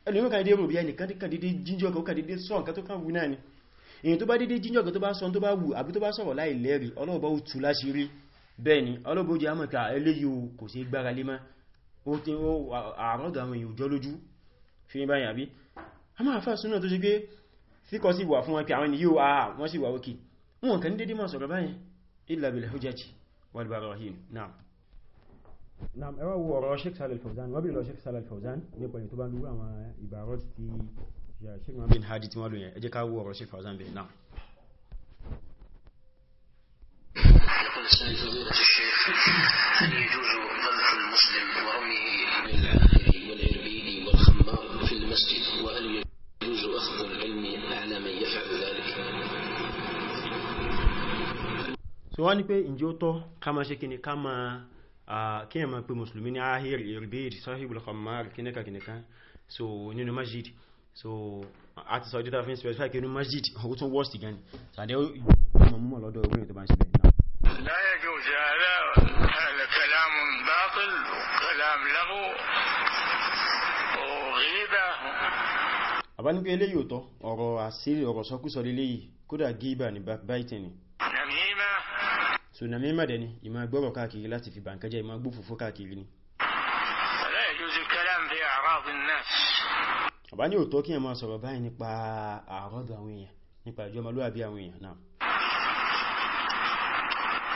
ẹlùmí kan dédé rò bí ẹni kan dédé jíjọ kan kan dédé sọ nǹkan tó kàn wù náà ni èyàn tó bá dédé jíjọ kan tó bá sọ tó bá wù ah, o kò sí gbára lé mọ́ ó ti ó àrọ́dọ̀ àwọn èèyàn jọ lójú a máa fà súnà wọn kàn dédé máa sọ̀rọ̀ báyìí illa bil hujjati wal barahin na'am na'am ẹwà wo ọ̀rọ̀ Sheikh Salih Al-Fawzan wọ́n bí lọ Sheikh Salih Al-Fawzan nípa ìtọ́bá lúgbà àwọn ìbárọ̀ náà ní pé ǹjẹ́ ó tọ́ ká máa ṣe kíni ká máa kí ẹ̀ máa pé mùsùlùmí ní ahir irbid sahibul khammar kìnìkan kìnìkan so nínú masjid so a ti sọ ìjọta fi ń specify kí inú masjid ó tún worst gan ni sàdé ó mọ̀ mọ̀ lọ́dọ̀ ewé tó bá ń ṣe bẹ̀rẹ̀ náà لا يجوز هذا هذا كلام باطل كلام لغو وغيبة àbá ní pé eléyìí ò tọ́ ọ̀rọ̀ àsírí ọ̀rọ̀ sọkúsọ lélẹ́yìí kódà gíbà ní backbiting ni so na mema dẹni ima ìmọ̀ ka káàkiri láti fi banka jẹ́ ima fufu ka káàkiri ni ba ní òtọ́ kí en ma so sọ̀rọ̀ yin nípa àrọ́dù àwọn eyan nípa ma abi àwọn eyan na èèyàn náà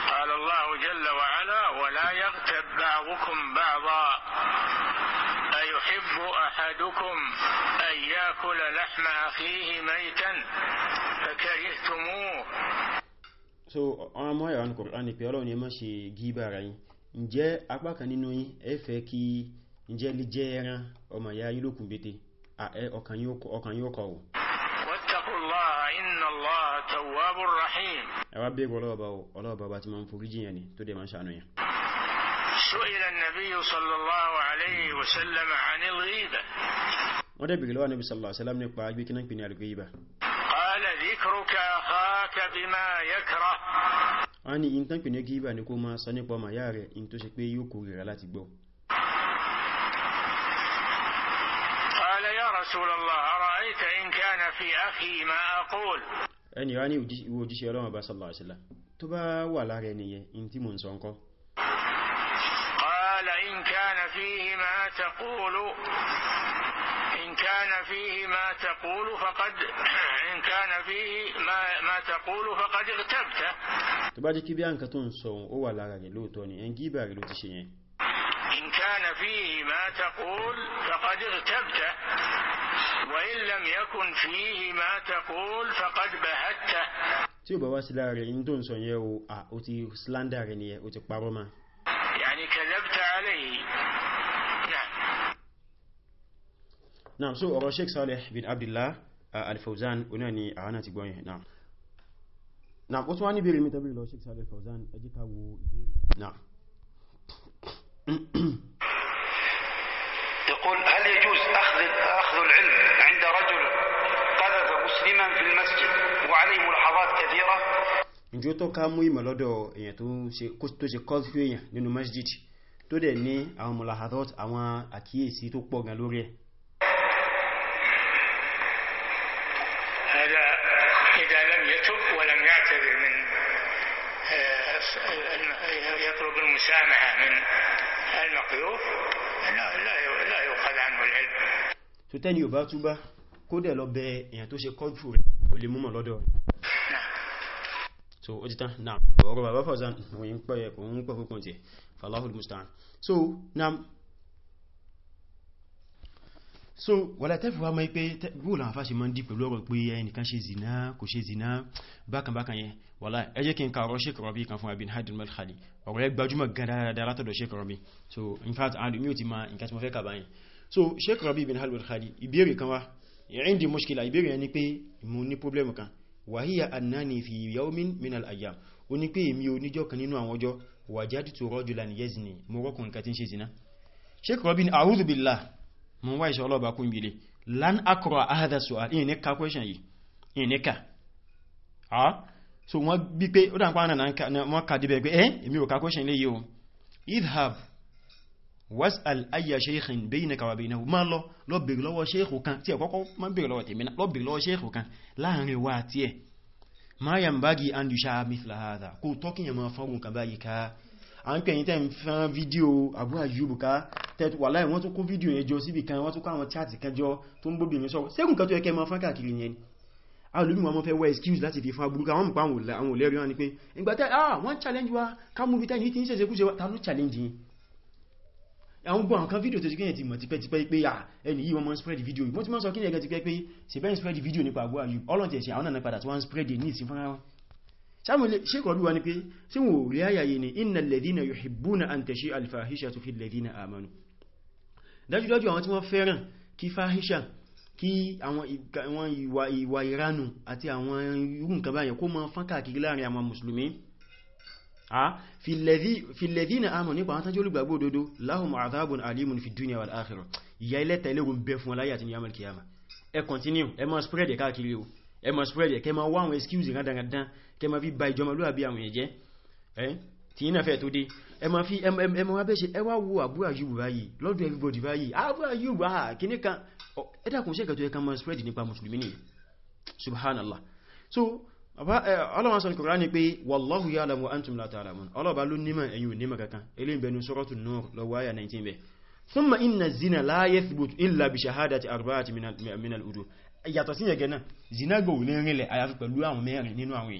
قال الله جل وعلا ولا يغتب بعضكم بعضا أيحب أحدكم أن يأكل لحم أخيه ميتا فكرهتموه so ọ̀rọ̀ mọ́ ìrànù Kùránì ni pé Ọlọ́run ni ẹ má ṣe gíbà ara yín ǹjẹ́ apá kan nínú yín ẹ fẹ́ kí ǹjẹ́ lè jẹ́ ẹran ọmọ ìyá yín lókùn bété ọkàn yín ó kọ̀ wò ẹwà bí ẹgbọ́ ọlọ́ọ̀bá bá ti máa ń forí jíyàn ni tó dẹ̀ máa ń ṣàánú yẹn wọ́n dẹ̀ bèèrè lọ́wọ́ Nabi sallallahu alaihi wasallam nípa agbékinápin ní al-ghiba qala dhikruka بما يكره a ní in tánpì ní gíbà ní kó máa sọ nípa ọmọ ìyá rẹ̀ in tó ṣe pé yóò kórìíra láti gbọ́ قال يا رسول الله أرأيت إن كان في أخي ما أقول ẹni rá ní ìwò òjíṣẹ́ ọlọ́run bá sallallahu alaihi wasallam tó bá wà lára ẹniyẹ in tí mo ń sọ ǹkọ́ قال إن كان فيه ما تقول إن كان فيه ما تقول فقد إن كان فيه ما ما تقول فقد اغتبته tó bá jẹ́ kí bí àǹkà tó ń sọ ohun ó wà lára rẹ̀ lóòótọ́ ni ẹn gíbà rẹ̀ ló ti ṣe yẹn إن كان فيه ما تقول فقد اغتبته وإن لم يكن فيه ما تقول فقد بهته tí ó bá wá sí lára rẹ̀ ní tó ń sọ yẹn o ó ti slander rẹ̀ nìyẹn ó ti parọ́ máa náà so ọ̀rọ̀ sheikh saleh bin abdullah uh, al-fawzan oní ni àwọn àti gbọ́yìn náà náà ó tún wá ní ìbéèrè mítàbí lọ sheikh saleh fawzan ẹ jẹ́ ká wo ìbéèrè náà يقول هل يجوز أخذ أخذ العلم عند رجل قذف مسلما في المسجد وعليه ملاحظات كثيرة ǹjẹ́ tó ká mú ìmọ̀ lọ́dọ̀ èyàn tó ṣe kọ́ fún èyàn nínú masjid tó dẹ̀ ní àwọn mọ̀láhàtọ́ àwọn àkíyèsí tó pọ̀ gan lórí ẹ̀ so tẹ́ni ò bá túbá kó dẹ̀ lọ bẹ èyàn tó ṣe kọ́jú rẹ̀ kò lè múmọ̀ lọ́dọ̀ rẹ̀ so ó jítá náà ọ̀rọ̀ bàbá Fawzan wọ́n pẹ̀ kò ń pẹ̀ fún tiẹ̀ falahul mustaan so náà so wọ́lá tẹ́fù wa mọ́ pé bóò làwọn fásí mọ́ ń dí pẹ̀lú ọ̀rọ̀ pé ẹnìkan ṣe zina kò ṣe zina bákanbákan yẹn wọ́lá ẹ jẹ́ kí n ka ọ̀rọ̀ Sheikh Rabi kan fún abin hadin malhali ọ̀rọ̀ ẹ gbajúmọ̀ gan dáadáa látọ̀dọ̀ Sheikh Rabi so in fact alumi o ti ma nǹkan tí mo fẹ́ kàbáyìn so sheik rabi bin halwar khali ìbéèrè kan wá indi mushkila ìbéèrè yẹn ni pé mo ní problem kan wàhíyà annani fi yawmin min al-ayyam ó ní pé èmi oníjọ́ kan nínú àwọn ọjọ́ wajadtu rajulan yazni mo rọ́kùn nǹkan tí ń ṣe zina sheik rabi ni a'udhu billah mo wá ìṣọ́ ọlọ́ba kún ìbílẹ̀ lan akọrọ ahadha su'al ìyìn ní ká question yìí ìyìn ní ká so wọ́n bí pé ó na ń pa ànà wọ́n kà dìbẹ̀ pé ẹ́ eh, èmi ò ká question lé yìí o idhab wasal ayya sheikhin baynaka wa baynahu ma lọ lọ bèèrè lọ́wọ́ sheikhu kan tí ẹ kọ́kọ́ ma bèèrè lọ́wọ́ tèmi náà lọ bèèrè lọ́wọ́ sheikhu kan láàrin wa àti ẹ ma yàn bági an yusha mithla hadha kó tọ́kì yàn ma fọ́gùn kan báyìí ká a ń kẹyìn tẹ́ ń fán fídíò Abu Ayyub ká tẹ́tù wà láì wọ́n tún kó fídíò yẹn jọ síbì kan wọ́n tún alùmí wọn fẹ́ wá excuse láti fi fún agbúrúkà wọn mọ̀pá àwọn olẹ́rí wọn ni pé ìgbàtẹ́ ah wọ́n challenge wa ká mú bí tẹ́yìn tí ń ṣẹ̀ṣẹ̀kú ṣe wa ta challenge yìí àwọn gbọ́n kan fídíò tó ti kíyàn ti mọ̀ tipẹ́tipẹ́ pé à ẹni yíwọ́n mọ́ spread video wọ́n ti mọ́ sọ kí ní ẹgbẹ́ ti pẹ́ pé se bẹ́ẹ̀ spread video nípa àgbà yìí ọlọ́ntẹ̀ ṣe àwọn náà padà tí wọ́n spread ní ìsìn fúnra wọn sáàmùlé ṣékọ̀ọ́lú wa ni pé tí wọ́n rí ayaye ni innal ladhina yuhibbuna an tashi al-fahishatu fil ladhina amanu dájúdájú àwọn tí wọ́n fẹ́ràn kí fáhíṣà kí àwọn ìwà ìranù àti àwọn irú nǹkan báyẹn kó mọ́ fán káàkiri láàrin àwọn mùsùlùmí fìlẹ̀dínà àmọ̀ nípa àwọn tánjú olùgbàgbò òdodo lahum azabun alimun fi dunya wal akhirah ìyà ilẹ̀ tẹ̀lẹ́gùn bẹ fún aláyà tí ní yamal kiyama ẹ continue ẹ ma spread ẹ káàkiri o ẹ ma spread ẹ kẹ ma wá àwọn excuse rádàradán kẹ ma fi ba ìjọmọlúwàbí àwọn ẹ̀jẹ́ tí yínà fẹ́ tó dé ẹ ma fi ẹ ma wá bẹ́ ṣe ẹ wá wo Abu Ayyub báyìí lọ́dọ̀ everybody báyìí Abu ah, so ọlọ́wọ́n sọ́nà kòrán ní pé wallahu ya'lamu wa antum la ta'lamun ọlọ́ọ̀bá ló nímọ̀ ẹ̀yin ò nímọ̀ kankan ilé ìbẹ̀nu suratu nur lọ́wọ́ ayà 19 bẹ̀ thumma inna zina la yathbut illa bi shahadati arba'ati zina gbò ní rinlẹ̀ àyàfi pẹ̀lú àwọn mẹ́rin nínú àwọn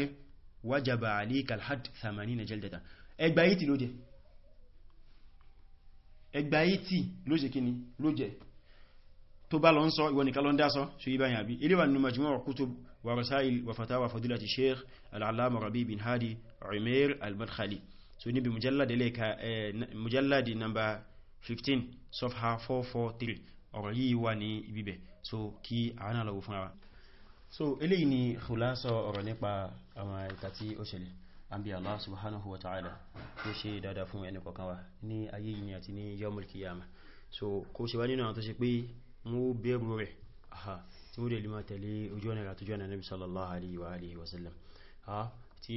èèyàn wajaba alayka 80 jaldatan ẹgbà 80 e ló jẹ ẹgbà 80 e ló jẹ kíni ló jẹ tó bá lọ ń sọ ìwọ nìkan ń dá sọ ṣe yí báyìí àbí ilé wà nínú majmu' kutub wa rasail wa fatawa fadilati sheikh al-allama rabi bin hadi umair al-madkhali so níbi mujalladi namba 15 safha 443 ọ̀rọ̀ yìí wà ní ibibẹ̀ so kí àwọn alọ́wọ́ fún so eléyìí ni khulasa ọ̀rọ̀ nípa àwọn ìkàtí ó ṣẹlẹ̀ àbí Allah subhanahu wa ta'ala kó ṣe dáadáa fún ẹni kọ̀kan wa ní ayé yìí àti ní yawmul qiyamah so kó ṣe wá nínú àwọn tó ṣe pé mú bẹ̀rù rẹ̀ tí ó dẹ̀ lè máa tẹ̀lé ojú ọ̀nà àtújú ọ̀nà nabi sallallahu alaihi wa alihi wa sallam tí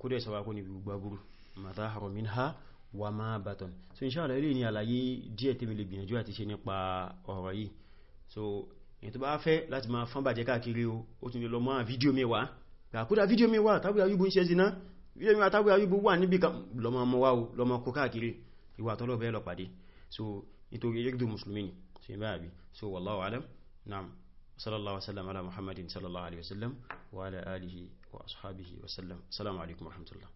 kó dẹ̀ sọ wá kó ní gbogbo aburú ma zahara minha wa ma batan so insha Allah ilé ni àlàyé díẹ̀ tí mi lè gbìyànjú àti ṣe nípa ọ̀rọ̀ so èyí tó bá fẹ́ láti máa fán bàjẹ́ káàkiri o ó tún lè lọ mọ́ fídíò mẹ́wàá kàkúdà fídíò mẹ́wàá tàbí ayúbù ń ṣe zina ilé mi ayúbú wà níbi kan lọmọ ọmọ wáwó lọmọ kó káàkiri ìwà tọ́lọ̀bẹ̀ lọ so nítorí yẹ́gdù musulmi ni so ìbá àbí so wallahu alam na'am sallallahu wasallam ala muhammadin sallallahu alaihi wasallam wa ala alihi wa wasallam assalamu alaikum warahmatullah